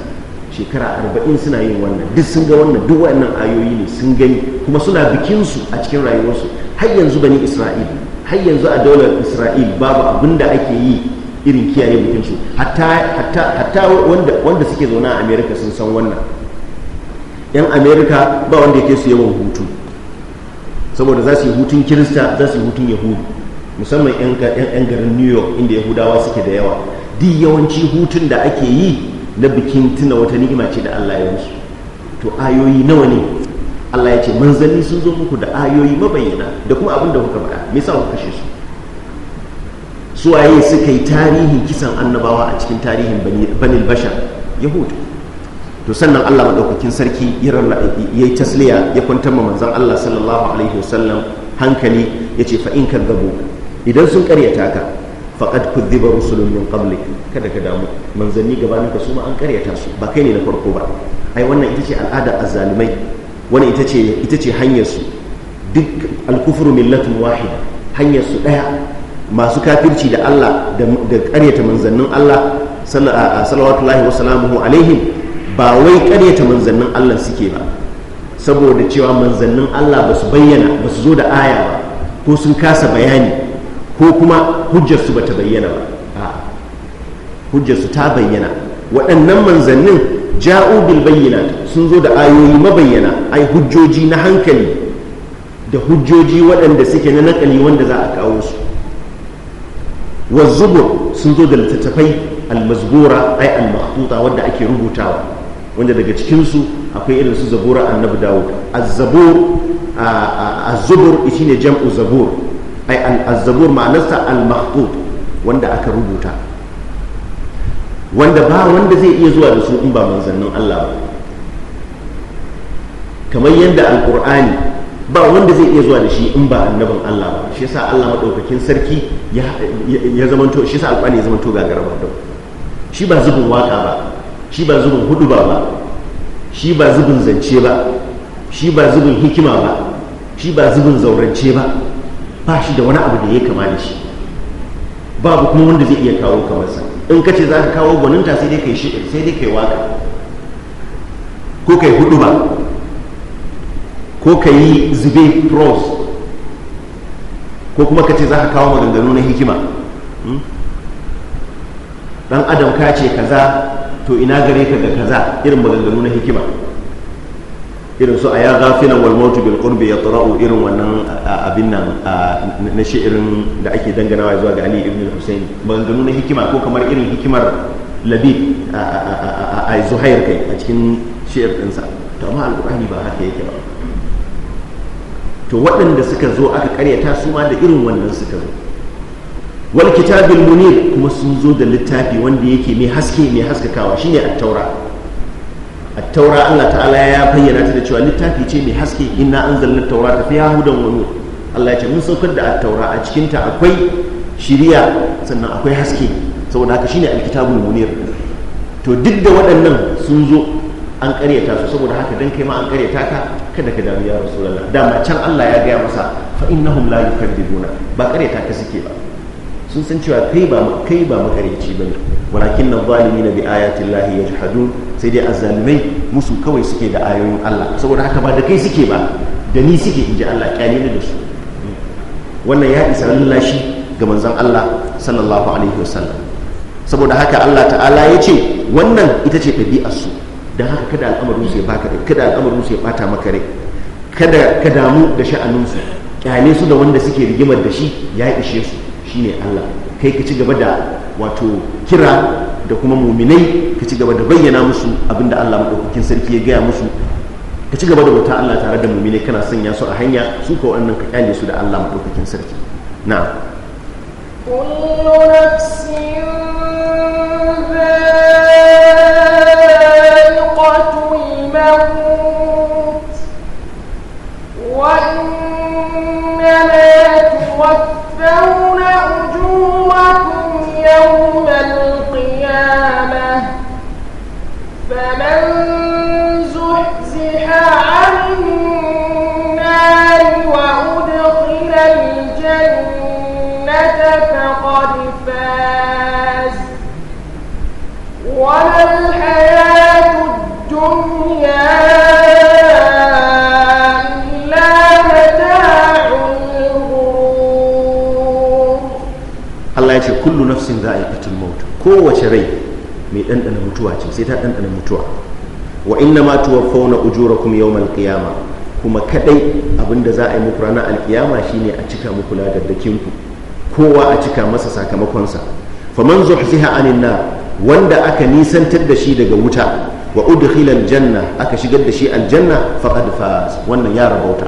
shekara arba'in suna yin wannan duk sun ga wannan duk wa'annan ayoyi ne sun gani kuma suna bikinsu a cikin rayuwarsu har yanzu bani isra'ila har yanzu a daular isra'il babu abin da ake yi irin kiyaye mutunci hatta wanda suke zaune a amerika sun san wannan yan amerika ba wanda yake su yawan hutu saboda za su yi hutun kirista za su yi hutun yahudu musamman yan garin new york inda yahudawa suke da yawa di yawanci hutun da ake yi na bikin tuna wata ni'ima ce da allah ya musu to ayoyi nawa ne Allah ya ce manzanni sun zo muku da ayoyi mabayyana da kuma abin da kuka faɗa me yasa kuka kashe su suwaye suka yi tarihin kisan annabawa a cikin tarihin banil bashar yahudu to sannan Allah madaukakin sarki ya yi tasliya ya kwantar ma manzan Allah sallallahu alaihi wasallam hankali ya ce fa in kadzabu idan sun karyata ka faqad kudhiba rusulun min qablik kada ka damu manzanni gabanin ka su ma an karyata su ba kai ne na farko ba ai wannan ita ce al'ada azzalimai wani ita ce hanyarsu hanyar su duk alkufuru millatun wahida hanyar su daya masu kafirci da Allah da karyata manzannin Allah sallallahu wa alaihim ba wai karyata manzannin Allah suke ba saboda cewa manzannin Allah ba su bayyana ba su zo da aya ba ko sun kasa bayani ko kuma hujjarsu ba ta bayyana ba hujjarsu ta bayyana waɗannan manzannin ja'u bil bayyana sun zo da ayoyi mabayyana ai hujjoji na hankali da hujjoji waɗanda suke na nakali wanda za a kawo su wa zubur sun zo da littattafai almazgura ai almakhtuta wanda ake rubutawa wanda daga cikin su akwai irin su zabura annabi dawud azzabur azzubur shine jam'u zabur ai al-zabur ma'anarsa al-makhtut wanda aka rubuta wanda ba wanda zai iya zuwa da su in ba manzannin Allah ba kamar yadda alkur'ani ba wanda zai iya zuwa da shi in ba annabin Allah ba shi yasa Allah madaukakin sarki ya zamanto shi yasa alkur'ani ya zamanto gagara ba shi ba zubin waka ba shi ba zubin huduba ba shi ba zubin zance ba shi ba zubin hikima ba shi ba zubin zaurance ba ba shi da wani abu da ya kama da shi babu kuma wanda zai iya kawo kamar sa in ka ce za ka kawo gwaninta sai dai ka yi shi'ir sai dai yi waka ko kai hudu ba ko ka yi zube pros ko kuma ka ce za ka kawo maganganu na hikima hmm? dan adam ka ce kaza to ina gare ka ga kaza irin maganganu na hikima irin su a ya zafinan wal bilkurbi qurbi ya tsara'u irin wannan abin nan na shi'irin da ake danganawa zuwa ga ali ibn hussein maganganu na hikima ko kamar irin hikimar labi a zuhair kai a cikin shi'ir ɗinsa to amma alƙur'ani ba haka yake ba to waɗanda suka zo aka karyata su ma da irin wannan suka zo wal kitabil munir kuma sun zo da littafi wanda yake mai haske mai haskakawa shine at-taura allah ta'ala ya التوراة الله تعالى يا بينا تدعو للتافي شيء بحسكي إنا أنزلنا التوراة فيها هدى ونور الله يجب من سوكر دا التوراة أجكنت أكوي شريعة سنة أكوي حسكي سوى ناك شيني الكتاب المنير to duk da waɗannan sun zo an karyata su saboda haka dan kai ma an ƙaryata ka kada ka damu ya rasulullah dama can Allah ya gaya masa fa innahum la yukadzibuna ba ƙaryata ka suke ba sun san cewa kai ba kai ba makarici bane walakin nan na bi ayatin lahi yajhadun sai dai azalimai musu kawai suke da ayoyin Allah saboda haka ba da kai suke ba da ni suke in ji Allah kyani da su wannan ya isa lallashi ga manzon Allah sallallahu alaihi wasallam saboda haka Allah ta'ala ya ce wannan ita ce ɗabi'arsu don haka kada al'amarin su ya baka da kada al'amarin su ya bata maka rai kada ka damu da sha'aninsu kyale su da wanda suke rigimar da shi ya ishe su shine Allah kai ka ci gaba da wato kira da kuma muminai ka ci gaba da bayyana musu abinda Allah maɗaukakin sarki ya gaya musu ka ci gaba da wuta Allah tare da muminai kana sanya su a hanya su ka wannan ka kyale su da Allah maɗaukakin sarki na kullu nafsin ترهبون أجوركم يوم kowace rai mai ɗanɗana mutuwa ce sai ta ɗanɗana mutuwa wa inna ma ujura kuma yau malkiyama kuma kadai abinda za a yi muku ranar alkiyama shine a cika muku da ku kowa a cika masa sakamakonsa faman ziha anin na wanda aka nisantar da shi daga wuta wa udkhila janna aka shigar da shi aljanna faqad faz wannan ya rabauta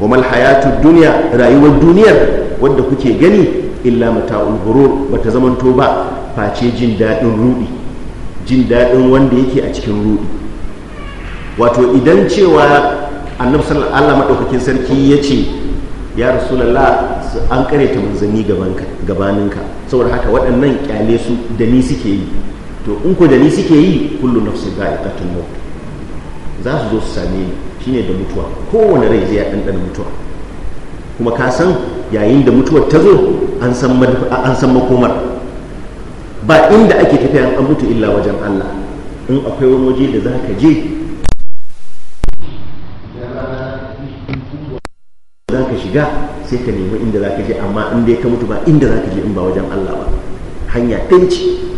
wa mal hayatud dunya rayuwar duniyar wanda kuke gani illa mata'ul ghurur bata zamanto ba face jin daɗin ruɗi jin daɗin wanda yake a cikin ruɗi wato idan cewa annabi sallallahu alaihi madaukakin sarki ya ce ya rasulallah an ta manzanni gabaninka saboda haka waɗannan ƙyale su da ni suke yi to in ku da ni suke yi kullum na su ba'a ƙatun maut za su zo su same ni shine da mutuwa kowane rai zai ɗanɗana mutuwa kuma ka san yayin da mutuwar ta zo an san makomar ba inda ake tafiya an mutu illa wajen Allah in akwai wani waje da za ka je za ka shiga sai ka nemi inda za ka je amma in dai ka mutu ba inda za ka je in ba wajen Allah ba hanya ɗanci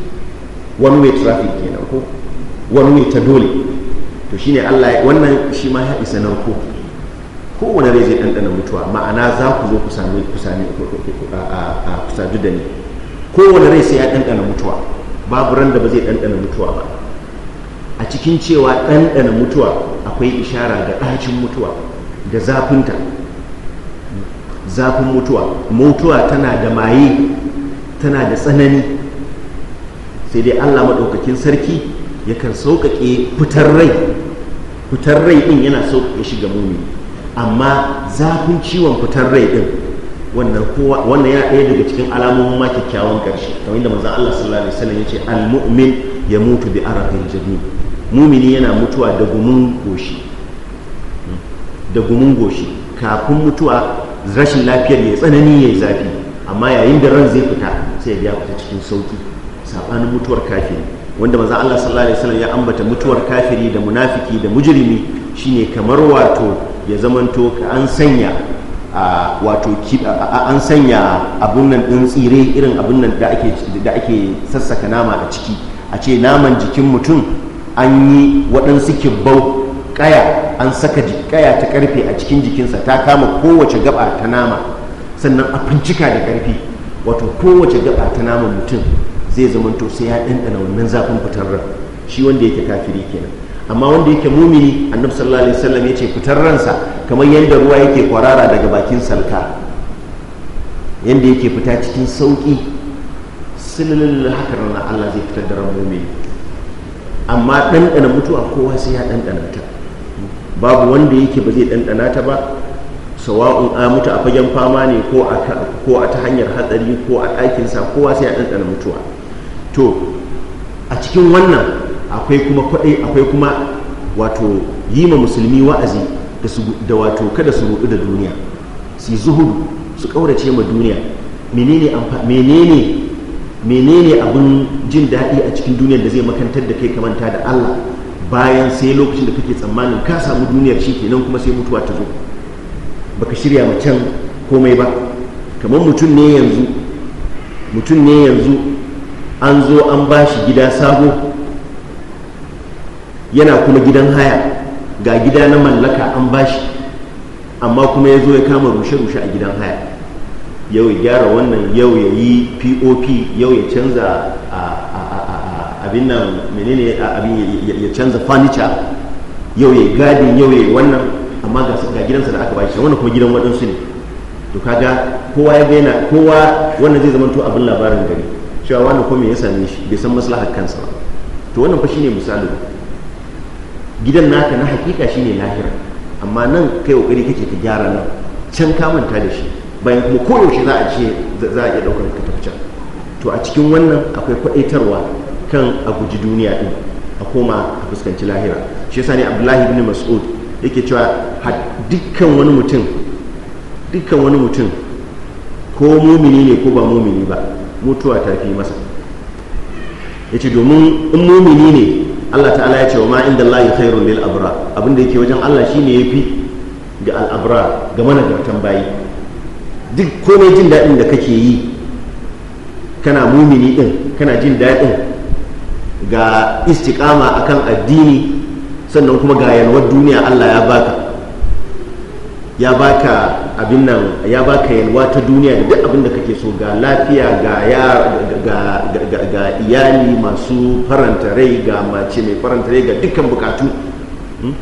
one way traffic kenan ko one way ta dole to shine Allah wannan shi ma ya isa narko kowane rai zai ɗanɗana mutuwa ma'ana za ku zo ku sami ku sami ku sadu da ni kowane rai sai ya ɗanɗana mutuwa babu ran da ba zai ɗanɗana mutuwa ba a cikin cewa ɗanɗana mutuwa akwai ishara ga ɗacin mutuwa da zafinta zafin mutuwa mutuwa tana da maye tana da tsanani sai dai allah maɗaukakin sarki yakan sauƙaƙe fitar rai fitar rai ɗin yana sauƙaƙe shiga ga amma zafin ciwon fitar rai ɗin wannan kowa yana ɗaya daga cikin alamomin ma kyakkyawan ƙarshe kamar yadda maza Allah sallallahu alaihi wasallam yace al-mu'min yamutu bi arafin jadid mumini yana mutuwa da gumin goshi hmm. da gumin goshi kafin mutuwa rashin lafiyar ya tsanani ya zafi amma yayin da ran zai fita sai ya fita cikin sauki sabanin mutuwar kafiri wanda maza Allah sallallahu alaihi wasallam ya ambata mutuwar kafiri da munafiki da mujrimi shine kamar wato ya zamanto an sanya wato an sanya abun nan ɗin tsire irin abun nan da ake sassaka nama a ciki a ce naman jikin mutum an yi waɗansu kibbau ƙaya an saka ƙaya ta ƙarfe a cikin jikinsa ta kama kowace gaba ta nama sannan a fincika da ƙarfe wato kowace gaba ta nama mutum zai zamanto sai ya ɗanɗana wannan zafin fitar ran shi wanda yake kafiri kenan amma wanda yake mumini annabi sallallahu alaihi wasallam yace fitar ransa kamar yadda ruwa yake kwarara daga bakin salka yadda yake fita cikin sauki sililil haka ranar Allah zai fitar da ran mumini amma ɗanɗana mutuwa kowa sai ya ɗanɗana ta babu wanda yake ba zai ɗanɗana ta ba sawa'un a mutu a fagen fama ne ko a ta hanyar hatsari ko a ɗakinsa kowa sai ya ɗanɗana mutuwa to a cikin wannan akwai kuma kwaɗe akwai kuma wato yi ma musulmi wa'azi da wato kada su rudu da duniya su zuhudu su ƙaurace ma duniya menene abin jin daɗi a cikin duniyar da zai makantar da kai kamanta da allah bayan sai lokacin da kake tsammanin ka samu duniyar shi kenan kuma sai mutuwa ta zo baka shirya ma can komai ba kamar mutum ne yanzu mutum ne yanzu an zo an ba shi gida sabo yana kuma gidan haya ga gida na mallaka an bashi amma kuma ya zo ya kama rushe-rushe a gidan haya yau ya gyara wannan yau ya yi pop yau ya canza abin nan menene abin ya canza furniture yau ya gadi yau ya wannan amma ga gidansa da aka bashi wannan kuma gidan waɗansu ne to kaga kowa ya bayyana kowa wannan zai zamanto abin labarin gari cewa wannan kuma ya same shi bai san maslahar kansa ba to wannan fa shine misali gidan naka na hakika shine lahira amma nan kai kokari kake ta gyara nan can ka manta da shi bayan kuma koyaushe za a ce za a iya ɗaukar ka to a cikin wannan akwai kwaɗaitarwa kan a guji duniya din a koma a fuskanci lahira shi yasa ne abdullahi ibn mas'ud yake cewa dukkan wani mutum dukkan wani mutum ko mumini ne ko ba mumini ba mutuwa ta fi masa yace domin in mumini ne Allah ta'ala ya ce wa ma inda Allah ya khairun lil abra abin da yake wajen Allah shi ne ya fi ga al'abura ga mana managartan bayi duk komai jin daɗin da kake yi kana mumini ɗin kana jin daɗin ga a akan addini sannan kuma ga yalwar duniya Allah ya baka abin nan ya baka yalwa ta duniya da duk abin da kake so ga lafiya ga iyali masu faranta rai ga mace mai faranta rai ga dukkan bukatu hmm?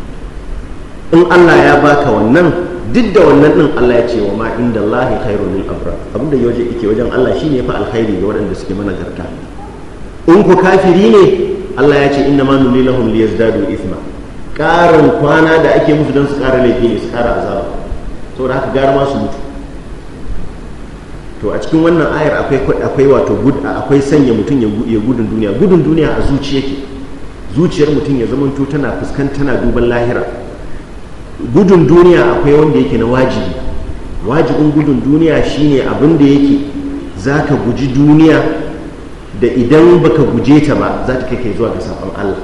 in Allah ya baka wannan duk da wannan din Allah ya ce wa ma inda Allah khairu lil abra abin da yaje yake wajen Allah shine fa alkhairi ga waɗanda suke mana garta in ku kafiri ne Allah ya ce inna ma nulilahum liyazdadu isma karin kwana da ake musu don su kara laifi ne su kara azaba saboda haka gara ma mutu to a cikin wannan ayar akwai wato akwai sanya mutum ya gudun duniya gudun duniya a zuci yake zuciyar mutum ya zamanto tana fuskan tana duban lahira gudun duniya akwai wanda yake na wajibi wajibin gudun duniya shine abin da yake za ka guji duniya da idan baka guje ta ba za ta kai kai zuwa ga sabon Allah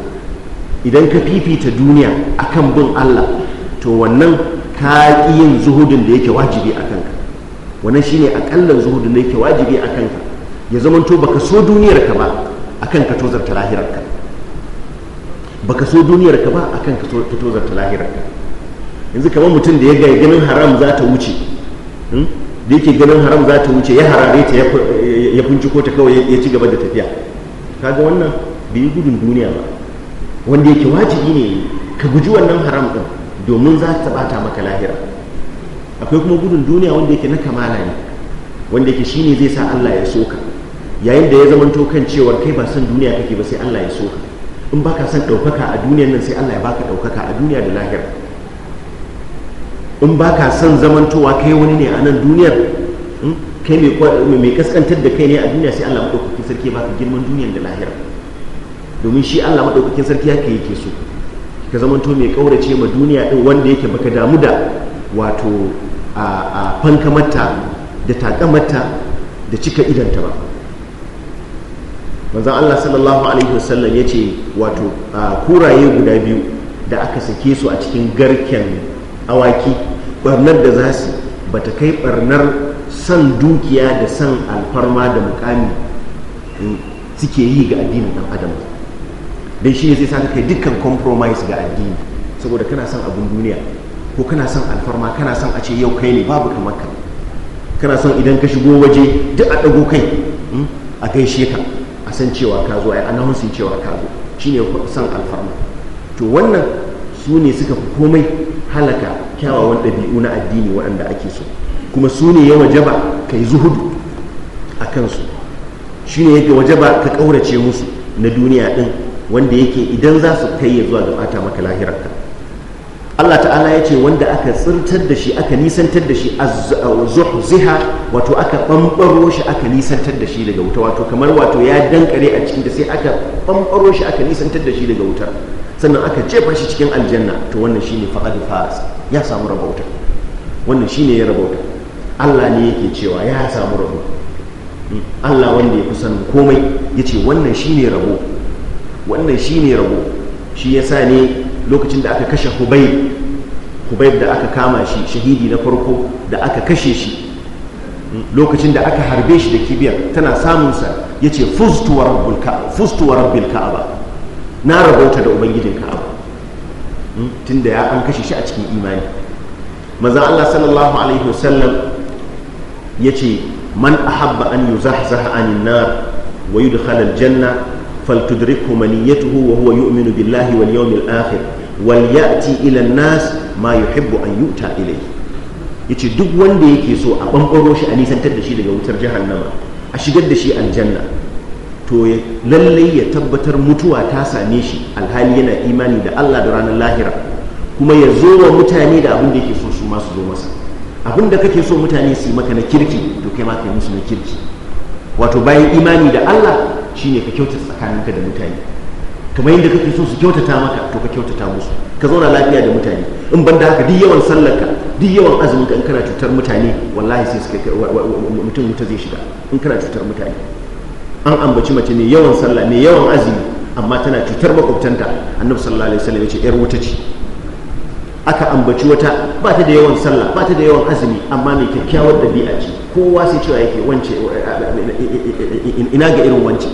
idan ka fifita duniya akan bin Allah to wannan ka ƙi yin zuhudin da yake wajibi a kanka wannan shine akallan zuhudin da yake wajibi a kanka ya ba baka so duniyar ka ba akan ka tozarta lahirar ka baka so duniyar ka ba akan ka tozarta lahirar ka yanzu kamar mutum da ya ga ganin haram za ta wuce hmm? da yake ganin haram za ta wuce ya harare ta ya ko ta kawai ya ci gaba da tafiya kaga wannan bai yi gudun duniya ba wanda yake wajibi ne ka guji wannan haram din domin za ta bata maka lahira akwai kuma gudun duniya wanda yake na kamala ne wanda yake shine zai sa Allah ya soka yayin da ya zama to kan cewar kai ba san duniya kake ba sai Allah ya soka in baka san ɗaukaka a duniyar nan sai Allah ya baka ɗaukaka a duniya da lahira in baka san zamantowa kai wani ne a nan duniyar hmm, kai mai kaskantar da kai ne a duniya sai Allah maɗaukakin sarki ya baka girman duniyar da lahira domin shi Allah maɗaukakin sarki haka yake so ka zamanto mai kaurace ma duniya ɗin wanda yake baka damu da wato a mata, da takamata da cika idanta ba manzan Allah sallallahu alaihi wasallam ya ce wato kuraye guda biyu da aka sake su a cikin garken awaki Ɓarnar da za su ba ta kai ɓarnar san dukiya da san alfarma da mukami suke yi ga addinin dan adam da shi zai sa kai dukkan compromise ga addini saboda kana son abun duniya ko kana son alfarma kana son a ce yau kai ne babu kamar ka kana son idan ka shigo waje duk a dago kai hmm, a kai ka a san cewa ka zo a annahunsin cewa ka zo ne son alfarma to wannan su ne suka fi komai halaka kyawawan ɗabi'u na addini waɗanda ake so kuma su ne ya wajaba ka yi zuhudu a kansu shi ne ya wajaba ka ƙaurace musu na duniya ɗin wanda yake idan za su kai ya zuwa ga bata maka lahirarka Allah ta'ala ya ce wanda aka tsirtar da shi aka nisantar da shi zuhziha wato aka bambaro shi aka nisantar da shi daga wuta wato kamar wato ya dankare a cikin da sai aka bambaro shi aka nisantar da shi daga wuta sannan aka jefa shi cikin aljanna to wannan shine faqad faz ya samu rabauta wannan shine ya rabauta Allah ne yake cewa ya samu rabo hmm. Allah wanda ya kusan komai yace wannan shine rabo wannan ne rabo shi yasa ne lokacin da aka kashe hubayb da aka kama shi shahidi na farko da aka kashe shi lokacin da aka harbe shi da kibiyar tana samunsa ya ce fustuwa rabbil ka'aba na rabauta da ubangijin ka'aba hmm, tun da ya an kashe shi a cikin imani maza allah sallallahu alaihi wasallam ya ce man ahabba an yi zahzaha anin nar wa yi janna فلتدركه منيته وهو يؤمن بالله واليوم الآخر وليأتي إلى الناس ما يحب أن يؤتى إليه yace duk wanda yake so a bambaro shi a nisantar da shi daga wutar jahannama a shigar da shi aljanna to lallai ya tabbatar mutuwa ta same shi alhali yana imani da Allah da ranar lahira kuma ya zo wa mutane da abin da yake so su masu zo masa abin da kake so mutane su yi maka na kirki to kai ma musu na kirki wato bayan imani da Allah shine ka kyautata tsakaninka da mutane kamar yadda kake so su kyautata maka to ka kyautata musu ka zauna lafiya da mutane in ban da haka duk yawan sallarka duk yawan azumin ka in kana cutar mutane wallahi sai suka mutum wuta zai shiga in kana cutar mutane an ambaci mace ne yawan sallah ne yawan azumi amma tana cutar makwabtanta annabi sallallahu alaihi wasallam ya ce yar wuta ce aka ambaci wata ba ta da yawan sallah ba ta da yawan azumi amma mai kyakkyawar dabi'a ce kowa sai cewa yake wance ina ga irin wanci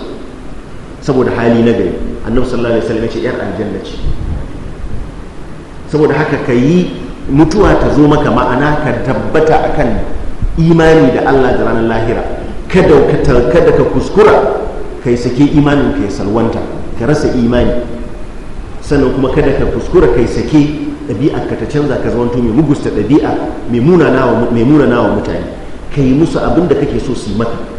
saboda hali na gari annabu sallallahu alaihi wasallam ya ce yar aljanna ce saboda haka ka yi mutuwa ta zo maka ma'ana ka tabbata akan imani da Allah da ranar lahira kada ka kada ka kuskura kai sake imanin ka ya salwanta ka rasa imani sannan kuma kada ka kuskura kai sake ɗabi'ar ka ta canza ka zamanto mai mugusta ɗabi'a mai munanawa mutane ka yi musu abin da kake so su yi maka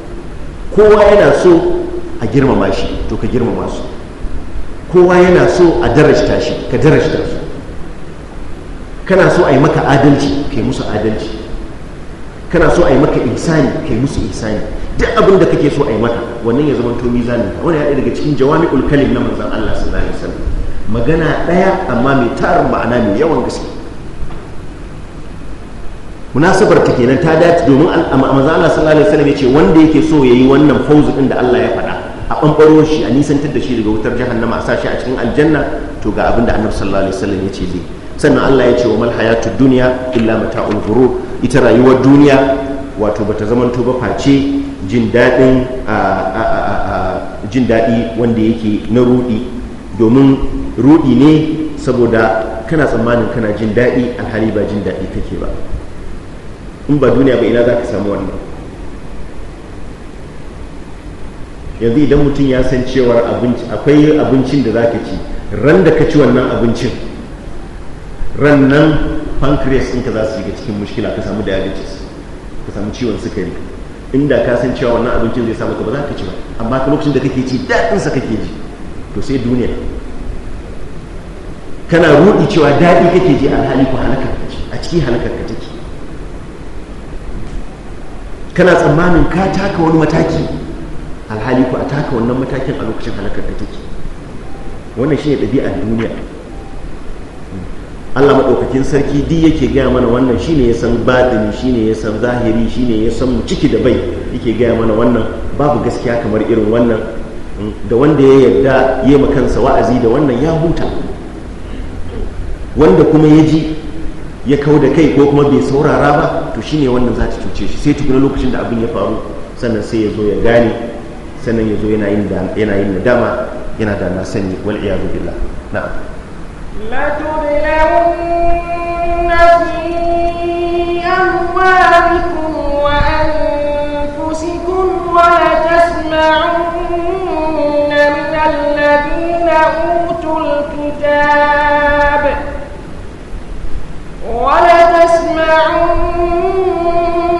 kowa yana so a girmama shi to ka girmama su kowa yana so a darashta shi ka darashta su kana so a yi maka adalci ka yi musu adalci kana so a yi maka insani ka yi musu insani duk abin da kake so a yi maka wannan ya zama to mizanin ka wani ya daga cikin jawami ulkalin na manzon Allah sallallahu alaihi wasallam magana ɗaya amma mai tarin ma'ana mai yawan gaske munasabar ta kenan ta dace domin za Allah sallallahu alaihi wasallam yace wanda yake so yayi wannan fauzu din da Allah ya faɗa a bambaro shi a nisantar da shi daga wutar jahannama a sashi a cikin aljanna to ga abin da annabi sallallahu alaihi wasallam yace zai sannan Allah ya ce wa mal hayatud dunya illa mata'ul ghurur ita rayuwar duniya wato bata zamanto ba face jin dadin jin daɗi wanda yake na rudi domin rudi ne saboda kana tsammanin kana jin dadi alhali ba jin dadi take ba in ba duniya ba ina za ka samu wannan yanzu idan mutum ya san cewar akwai abincin da za ka ci ran da ka ci wannan abincin ran nan pancreas ɗinka za su shiga cikin mushkila ka samu diabetes ka samu ciwon sukari inda ka san cewa wannan abincin zai samu ka ba za ka ci ba amma ka lokacin da kake ci daɗinsa kake ji to sai duniya kana rudi cewa daɗi kake ji a alhali ko halakar a ciki halakar ka take kana tsammanin ka taka wani mataki alhali ku a taka wannan matakin a lokacin halakar da take wannan shine ɗabi'ar duniya Allah maɗaukakin sarki duk yake gaya mana wannan shine ya san shi shine ya san zahiri shine ya san ciki da bai yake gaya mana wannan babu gaskiya kamar irin wannan da wanda ya yarda ya ma kansa wa'azi da wannan ya huta wanda kuma ya ji ya kawo da kai ko kuma bai saurara ba to shine wannan za ta cuce shi sai tukuna lokacin da abin ya faru sannan sai ya zo ya gane sannan ya zo yana yin nadama yana da nasani sani wal iyadu billah na'am la fi amwalikum wa anfusikum wa la tasma'unna min alladhina utul ولتسمعن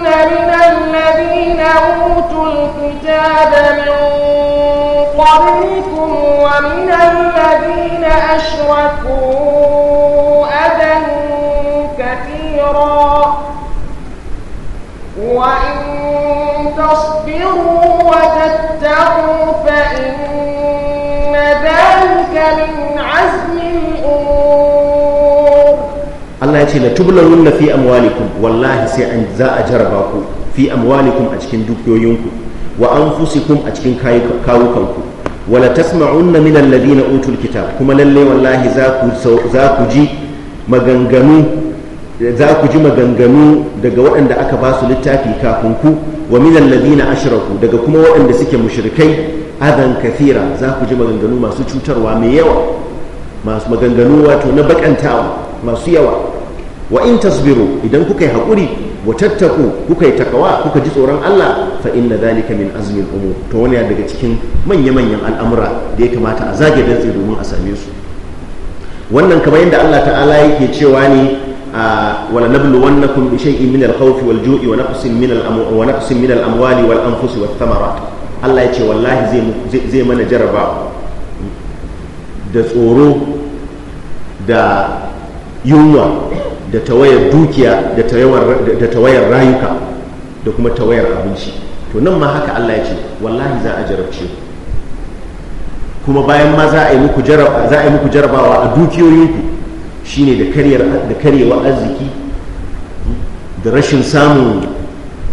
من الذين أوتوا الكتاب من قبلكم ومن الذين أشركوا أذى كثيرا وإن تصبروا وتتقوا فإن ذلك من ya ce la tublanunna fi amwalikum wallahi sai an za a jaraba ku fi amwalikum a cikin dukiyoyinku wa anfusikum a cikin kawukanku wala tasma'unna min alladhina utul kitab kuma lalle wallahi za ku ji maganganu za ku ji maganganu daga waɗanda aka ba su littafi kafin ku wa min alladhina ashraku daga kuma waɗanda suke mushrikai adan kathira za ku ji maganganu masu cutarwa mai yawa masu maganganu wato na bakantawa masu yawa wa in tasbiru idan kuka yi haƙuri wa tattaku kuka yi takawa kuka ji tsoron Allah fa inna zalika min azmin umu. to wani daga cikin manya-manyan al'amura da ya kamata a zage dantse domin a same su wannan kamar yadda Allah ta'ala yake cewa ne wala wannakum bi shay'in min al-khawf wal-ju'i wa naqsin min al-amwali wal-anfusi wat thamarat Allah ya ce wallahi zai mana jaraba da tsoro da yunwa da tawayar dukiya da tawayar rayuka da kuma tawayar abinci to nan ma haka Allah ya ce wallahi za a jarabce kuma bayan ma za a yi muku jarabawa a dukiyoyinku shine da karyewa arziki da rashin samun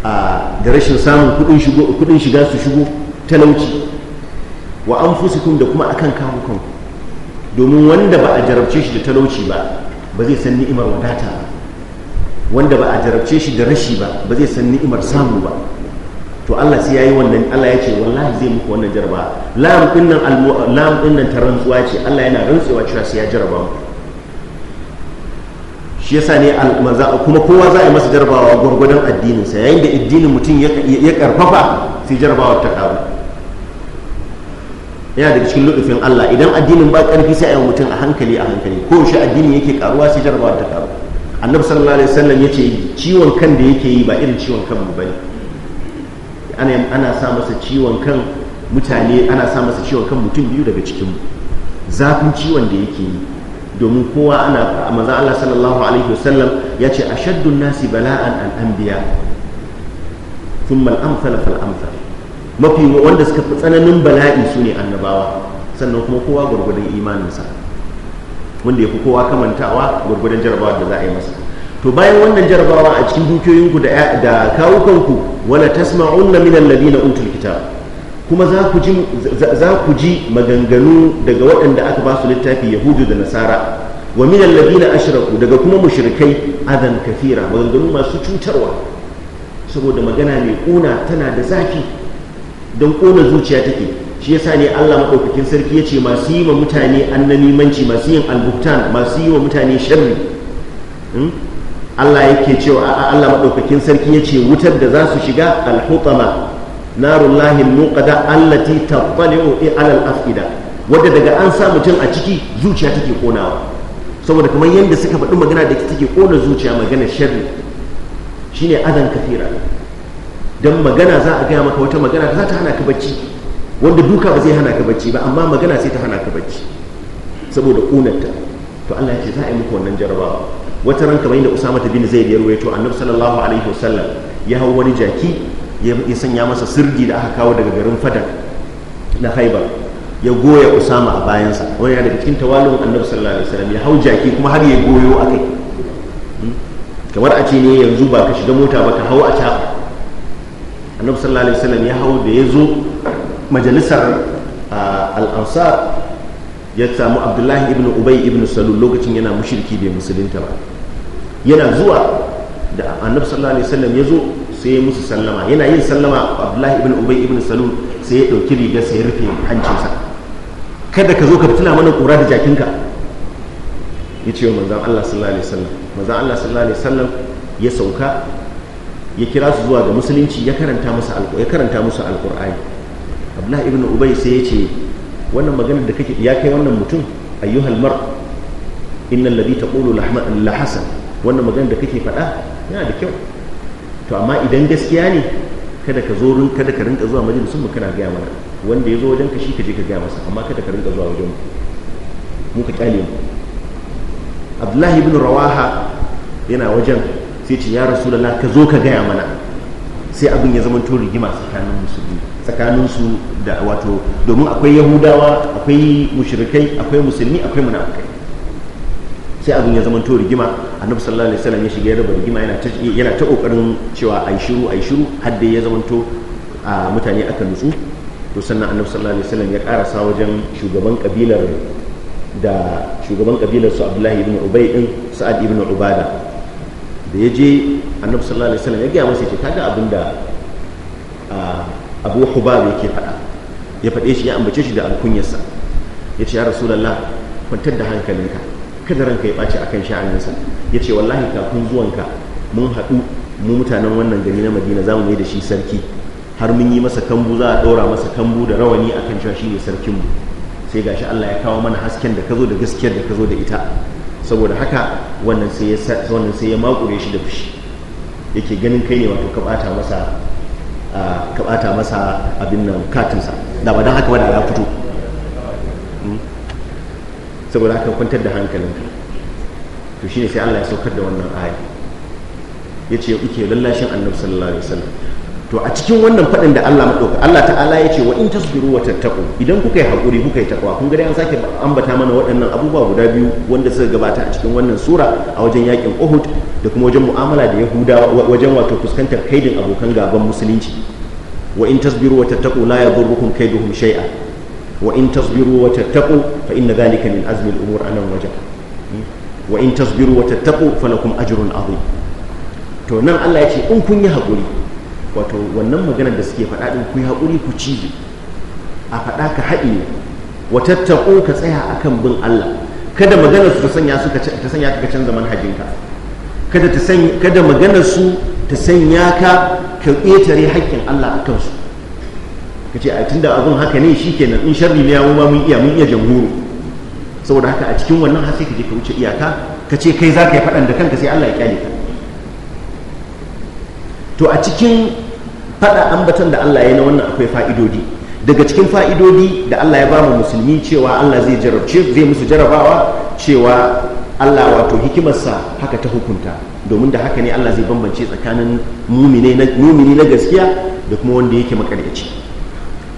da kudin shiga su shigo talauci wa an da kuma akan kawo kanku domin wanda ba a jarabce shi da talauci ba ba zai san ni'imar wadata ba wanda ba a jarabce shi da rashi ba ba zai san ni'imar samu ba to Allah sai yayi wannan Allah ya wallahi zai muku wannan jarba lam din nan lam din tarantsuwa ce Allah yana rantsuwa cewa sai ya jarba mu shi yasa ne almaza kuma kowa za a masa jarbawa gurgurdan addinin sa yayin da addinin mutum ya karfafa sai jarbawa ta karu yana daga cikin lutufin Allah idan addinin ba karfi sai a yi mutum a hankali a hankali ko shi addini yake karuwa sai jarabawa ta karu annabi sallallahu alaihi wasallam yace ciwon kan da yake yi ba irin ciwon kan mu bane ana ana sa masa ciwon kan mutane ana sa masa ciwon kan mutum biyu daga cikin mu zafin ciwon da yake yi domin kowa ana manzo Allah sallallahu alaihi wasallam yace ashaddu nasi bala'an al-anbiya thumma al-amthal fal-amthal mafi wanda suka fi tsananin bala'i su ne annabawa sannan kuma kowa gwargwadon imaninsa wanda ya fi kowa kamantawa gwargwadon jarabawa da za a yi masa to bayan wannan jarabawa a cikin dukiyoyinku da kawukanku wala tasma'unna min minan utul kitab kuma za ku ji za ku ji maganganu daga waɗanda aka ba su littafi yahudu da nasara wa minan na na ashiraku daga kuma mushrikai adan kafira maganganu masu cutarwa saboda magana mai kuna tana da zafi don kona zuciya take shi yasa ne Allah maɗaukakin sarki ya ce masu yi wa mutane annamimanci masu yin albuktan masu yi wa mutane sharri hmm? Allah yake cewa a Allah maɗaukakin sarki ya ce wutar da za su shiga alhutama narun lahin muqada allati tattali'u alal afida wadda daga an sa mutum a ciki zuciya take konawa saboda kamar yadda suka faɗi magana da take kona zuciya magana sharri shine azan kafira don magana za a gaya maka wata magana za ta hana ka bacci wanda duka ba zai hana ka bacci ba amma magana sai ta hana ka bacci saboda kunanta to Allah ya ce za a yi muku wannan jarabawa wata ran kamar yadda Usama bin Zaid ya ruwaito Annabi sallallahu alaihi wasallam ya hau wani jaki ya sanya masa sirgi da aka kawo daga garin Fadak na Khaibar ya goya Usama a bayansa wani ya daga cikin tawalin Annabi sallallahu alaihi wasallam ya hau jaki kuma har ya goyo akai hmm? kamar a ce ne yanzu ba ka shiga mota ba ka hau a caba annabi sallallahu alaihi wasallam ya hau da ya zo majalisar al'ansar ya samu abdullahi ibn ubay ibn salul lokacin yana mushriki bai musulunta ba yana zuwa da annabi sallallahu alaihi wasallam ya zo sai ya musu sallama yana yin sallama abdullahi ibn ubay ibn salul sai ya dauki riga sai ya rufe hancinsa kada ka zo ka fitina mana kura da jakinka ya ce wa manzan allah sallallahu alaihi wasallam manzan allah sallallahu alaihi wasallam ya sauka ya kira su zuwa ga musulunci ya karanta musu ya karanta musu alqur'ani abdullahi ibn ubay sai ya ce wannan maganar da kake ya kai wannan mutum ayyuhal mar innal ladhi taqulu la hasan wannan maganar da kake faɗa yana da kyau to amma idan gaskiya ne kada ka zo kada ka rinka zuwa majalisun mu kana gaya mana wanda ya zo wajen ka shi ka je ka gaya masa amma kada ka rinka zuwa wajen mu mu ka kyale mu abdullahi ibn rawaha yana wajen sai ce ya rasulullah ka zo ka gaya mana sai abin ya zamanto rigima tsakanin musulmi tsakanin su da wato domin akwai yahudawa akwai mushrikai akwai musulmi akwai munafikai sai abin ya zamanto rigima annabi sallallahu alaihi wasallam ya shiga ya raba rigima yana ta yana ta kokarin cewa ai shiru ai shiru har dai ya zamanto a mutane aka nutsu to sannan annabi sallallahu alaihi wasallam ya karasa wajen shugaban kabilar da shugaban kabilar su Abdullahi ibn Ubay din Sa'ad ibn Ubada da ya je annabi sallallahu alaihi wasallam ya gaya masa ce kaga abin da abu hubab yake faɗa ya faɗe shi ya ambace shi da alkunyarsa ya ce ya rasulallah kwantar da hankalinka kada ranka ya ɓaci akan sha'aninsa ya ce wallahi kafin zuwanka mun haɗu mu mutanen wannan gani na madina za mu mai da shi sarki har mun yi masa kambu za a ɗora masa kambu da rawani akan cewa shi ne sarkinmu sai gashi allah ya kawo mana hasken da ka zo da gaskiyar da ka zo da ita saboda haka wannan sai ya makure shi da fushi yake ganin kai ne wato ka bata masa abin nan katinsa da ba don haka wadda ya fito hmm? saboda haka kwantar da hankalinka to shi ne sai Allah ya saukar da wannan aya ya uke lallashin annabi sallallahu alaihi wasallam to a cikin wannan faɗin da Allah maɗauka Allah ta'ala ya ce wa in tasbiru wa tattaku idan kuka yi haƙuri kuka yi takwa kun gani an sake ambata mana waɗannan abubuwa guda biyu wanda suka gabata a cikin wannan sura a wajen yakin Uhud da kuma wajen mu'amala da Yahuda wajen wato fuskantar kaidin abokan gaban musulunci wa in tasbiru wa tattaku la yadurrukum kaiduhum shay'a wa in tasbiru wa tattaku fa inna dhalika min azmi al-umur anan wajh wa in tasbiru wa tattaku falakum ajrun adhim to nan Allah ya ce in kun yi haƙuri wato wannan maganar da suke faɗa ɗin ku yi haƙuri ku cije a faɗa ka haɗe wa tattaƙo ka tsaya akan bin Allah kada maganar su ta sanya su ka canza manhajinka kada kada maganar su ta sanya ka ka ƙetare haƙƙin Allah a kansu ka ce a da abin haka ne shi ke nan in sharri ne ya ma mun iya mun iya jamhuru saboda haka a cikin wannan har ka je ka wuce iyaka ka ce kai za ka yi faɗan da kanka sai Allah ya kyale ka to a cikin faɗa ambatan da Allah ya na wannan akwai fa'idodi daga cikin fa'idodi da Allah ya ba mu musulmi cewa Allah zai jarabce zai musu jarabawa cewa Allah wato hikimarsa haka ta hukunta domin da haka ne Allah zai bambance tsakanin mumini na gaskiya da kuma wanda yake makarici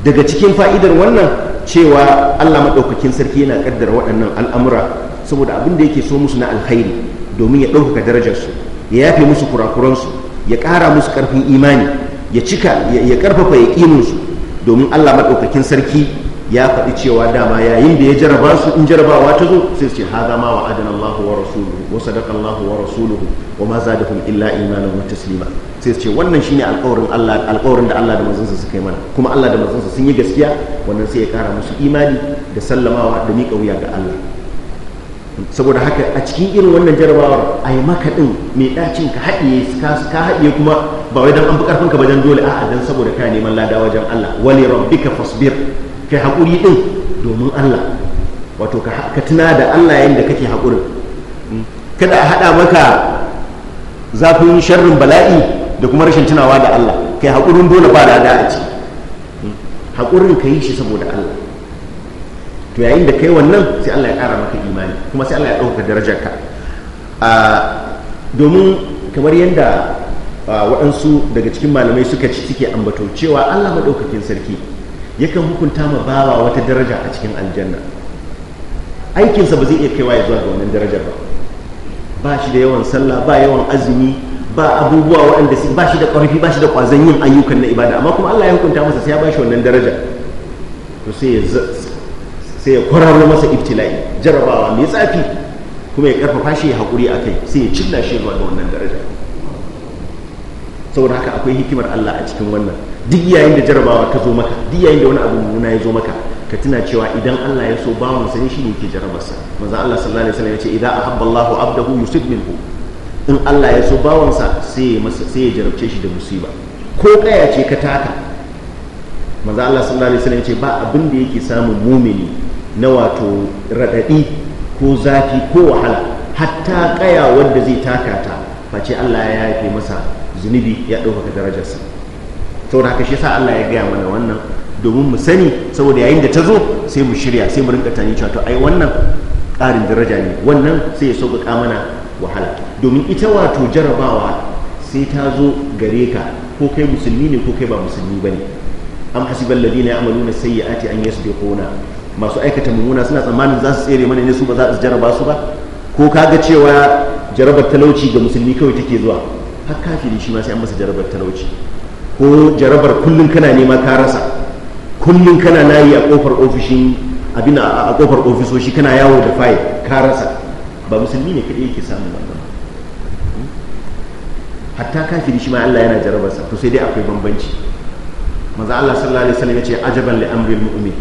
daga cikin fa'idar wannan cewa Allah Madaukakin sarki yana kaddara waɗannan al'amura saboda abin da yake so musu na alkhairi domin ya ɗaukaka darajarsu ya yafe musu kurakuransu ya ƙara musu ƙarfin imani ya cika ya ƙarfafa ya ƙininsu domin allah maɗaukakin sarki ya faɗi cewa dama yayin da ya jaraba su in jarabawa ta zo sai su ce haza ma wa adana allah wa rasuluhu wa sadaka allah wa rasuluhu wa ma kuma illa imanin wa taslima sai su ce wannan shine alƙawarin da allah da mazansa suka yi mana kuma allah da manzansa sun yi gaskiya wannan sai ya ƙara musu imani da sallamawa da miƙa wuya ga allah saboda haka a cikin irin wannan jarabawar a yi maka ɗin mai ɗacin ka haɗiye ka haɗiye kuma ba wai don an fi ƙarfinka ba don dole a'a don saboda ka neman lada wajen Allah rabbi ka fasbir kai haƙuri ɗin domin Allah wato ka tuna da Allah yayin da kake haƙurin kada a haɗa maka zafin sharrin bala'i da kuma rashin tunawa da Allah kai haƙurin dole ba da a ciki haƙurin ka yi shi saboda Allah to yayin da kai wannan sai Allah ya ƙara maka imani kuma sai Allah ya ɗauka darajarka domin kamar yadda waɗansu daga cikin malamai suka ci suke ambato cewa Allah maɗaukakin sarki yakan hukunta ma bawa wata daraja a cikin aljanna aikinsa ba zai iya kaiwa ya zuwa ga wannan darajar ba ba shi da yawan sallah ba yawan azumi ba abubuwa waɗanda ba shi da ƙarfi ba shi da ƙwazon yin ayyukan na ibada amma kuma Allah ya hukunta masa sai ya ba shi wannan daraja to sai ya sai ya kwararo masa ibtila'i jarabawa mai tsafi kuma ya karfafa shi ya haƙuri a kai sai ya cilla shi zuwa ga wannan daraja saboda haka akwai hikimar Allah a cikin wannan duk yayin da jarabawa ta zo maka duk yayin da wani abu mummuna ya zo maka ka tuna cewa idan Allah ya so ba mu sani shi ne ke jarabarsa manzo Allah sallallahu alaihi wasallam ya ce idan ahabba Allahu abdahu yusib minhu in Allah ya so bawon sa sai ya jarabce shi da musiba ko kaya ce ka taka manzo Allah sallallahu alaihi wasallam ya ce ba abin da yake samun mumini na wato raɗaɗi ko zafi ko wahala hatta ƙaya wanda zai taka ta face Allah ya yafe masa zunubi ya ɗaukaka darajarsa saboda haka shi sa Allah ya gaya mana wannan domin mu sani saboda yayin da ta zo sai mu shirya sai mu rinka tani cewa to ai wannan ƙarin daraja ne wannan sai ya sauƙaƙa mana wahala domin ita wato jarabawa sai ta zo gare ka ko kai musulmi ne ko kai ba musulmi ba ne am hasiban ladina ya'maluna sayyi'ati an yasbiquna masu aikata mummuna suna tsammanin za su tsere mana ne su ba za su jaraba su ba ko kaga cewa jarabar talauci ga musulmi kawai take zuwa har kafiri shi ma sai an masa jarabar talauci ko jarabar kullum kana nema ka rasa kullun kana layi a kofar ofishin abin a kofar ofisoshi kana yawo da fayil ka rasa ba musulmi ne kadai yake samun wannan hmm? hatta kafiri shi ma Allah yana jarabarsa to sai dai akwai bambanci maza Allah sallallahu alaihi wasallam yace ajaban li amri almu'min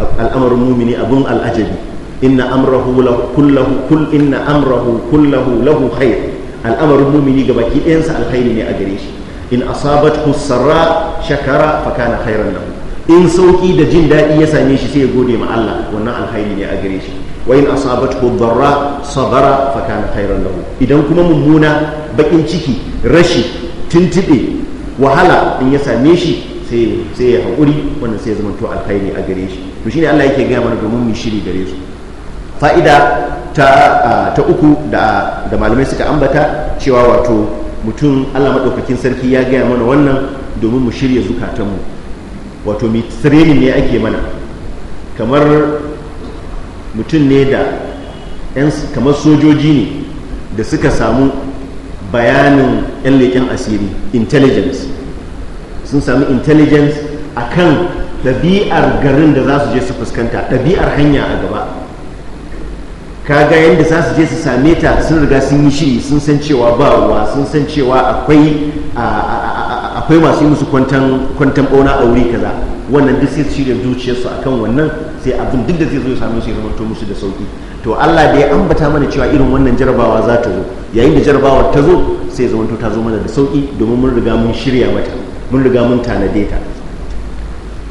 al'amru mu'mini abun al'ajabi inna amrahu kulluhu kull inna amrahu kulluhu lahu khair al'amru mu'mini gabaki ɗayansa alkhairi ne a gare shi in asabathu sarra shakara fa kana khairan lahu in sauki da jin daɗi ya same shi sai ya gode ma Allah wannan alkhairi ne a gare shi wa in asabathu darra sabara fa kana khairan lahu idan kuma mummuna bakin ciki rashi tuntube wahala in ya same shi sai ya haƙuri wannan sai ya zama to alkhairi a gare shi to shine Allah yake gaya mana domin mu shiri gare su fa'ida ta uku da da malamai suka ambata cewa wato mutum Allah madaukakin sarki ya gaya mana wannan domin mu shirya zukatanmu wato mi training ne ake mana kamar mutum ne da kamar sojoji ne da suka samu bayanin 'yan leƙen asiri intelligence sun sami intelligence a kan ɗabi'ar garin da za su je su fuskanta ɗabi'ar hanya a gaba ka ga yadda za su je su same ta sun riga sun yi shiri sun san cewa ba ruwa sun san cewa akwai masu yi musu kwantan ɓauna a wuri kaza wannan duk sai su shirya zuciyarsu kan wannan sai abin duk da zai zo ya same su ya to musu da sauki to Allah da ya ambata mana cewa irin wannan jarabawa za ta zo yayin da jarabawar ta zo sai zamanto ta zo mana da sauki domin mun riga mun shirya mata mun riga mun tanade ta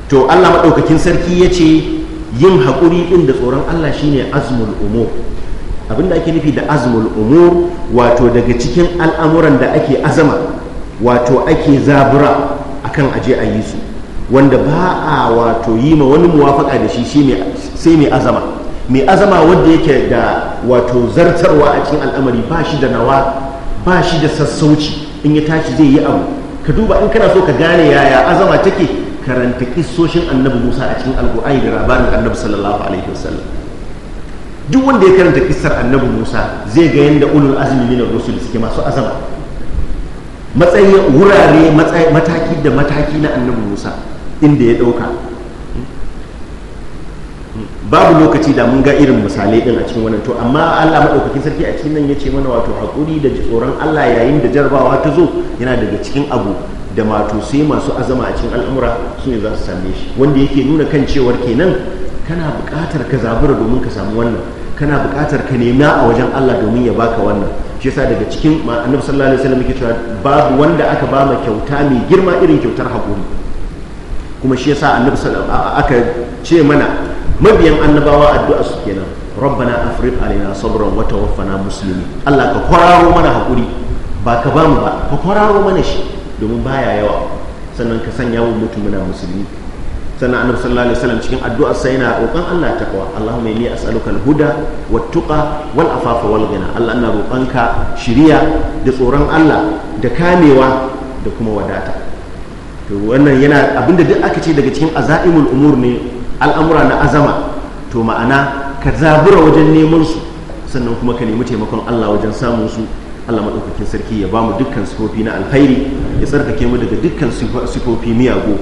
to Allah maɗaukakin sarki ya ce yin haƙuri ɗin da tsoron Allah shine azmul umur abinda ake nufi da azmul umur wato daga cikin al'amuran da ake azama wato ake zabura akan aje a yi su wanda ba a wato yi ma wani muwafaka da shi sai mai azama mai azama wanda yake da wato zartarwa a cikin al'amari ba shi da nawa ba shi da sassauci in ya tashi zai yi abu ka duba in kana so ka gane yaya azama take karanta kissoshin annabi musa a cikin alkur'ani da labarin annabi sallallahu alaihi wasallam duk wanda ya karanta kissar annabi musa zai ga yadda ulul azumi minar rusul suke masu azama matsayin wurare mataki da mataki na annabi musa inda ya ɗauka babu lokaci da mun ga irin misalai din a cikin wannan to amma Allah madaukakin sarki a cikin nan yace mana wato hakuri da tsoron Allah yayin da jarrabawa ta zo yana daga cikin abu da mato sai masu azama a cikin al'amura su ne za su same shi wanda yake nuna kan cewar kenan kana buƙatar ka zabura domin ka samu wannan kana buƙatar ka nema a wajen Allah domin ya baka wannan shi yasa daga cikin annabi sallallahu alaihi wasallam yake cewa babu wanda aka ba ma kyauta mai girma irin kyautar hakuri kuma shi yasa annabi aka ce mana mabiyan annabawa addu'a su kenan rabbana afriq alaina sabran wata tawaffana muslimin Allah ka kwararo mana hakuri ba ka ba mu ba ka kwararo mana shi domin baya yawa sannan ka sanya wa mutum muna musulmi sannan annabi sallallahu alaihi wasallam cikin addu'ar sa yana roƙon Allah takwa Allahumma inni as'aluka al-huda wat-tuqa wal-afafa wal-ghina Allah ina roƙonka shiriya da tsoron Allah da kamewa da kuma wadata to wannan yana abinda duk aka ce daga cikin azaimul umur ne al'amura na azama to ma'ana ka zabura wajen neman su sannan kuma ka nemi taimakon Allah wajen samun su Allah maɗaukakin sarki ya bamu dukkan sifofi na alkhairi ya tsarkake mu daga dukkan sifofi miyagu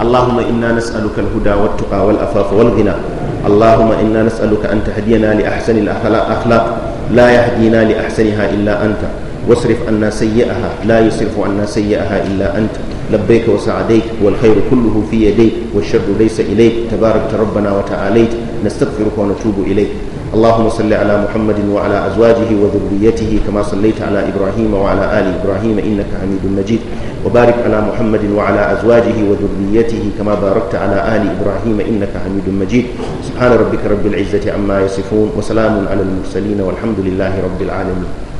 Allahumma inna nas'aluka al-huda wat-tuqa wal-afafa wal-ghina Allahumma inna nas'aluka an tahdiyana li ahsani al-akhlaq la yahdina li ahsaniha illa anta واصرف عنا سيئها لا يصرف عنا سيئها إلا أنت لبيك وسعديك والخير كله في يديك والشر ليس إليك تباركت ربنا وتعاليت نستغفرك ونتوب إليك اللهم صل على محمد وعلى أزواجه وذريته كما صليت على إبراهيم وعلى آل إبراهيم إنك حميد مجيد وبارك على محمد وعلى أزواجه وذريته كما باركت على آل إبراهيم إنك حميد مجيد سبحان ربك رب العزة عما يصفون وسلام على المرسلين والحمد لله رب العالمين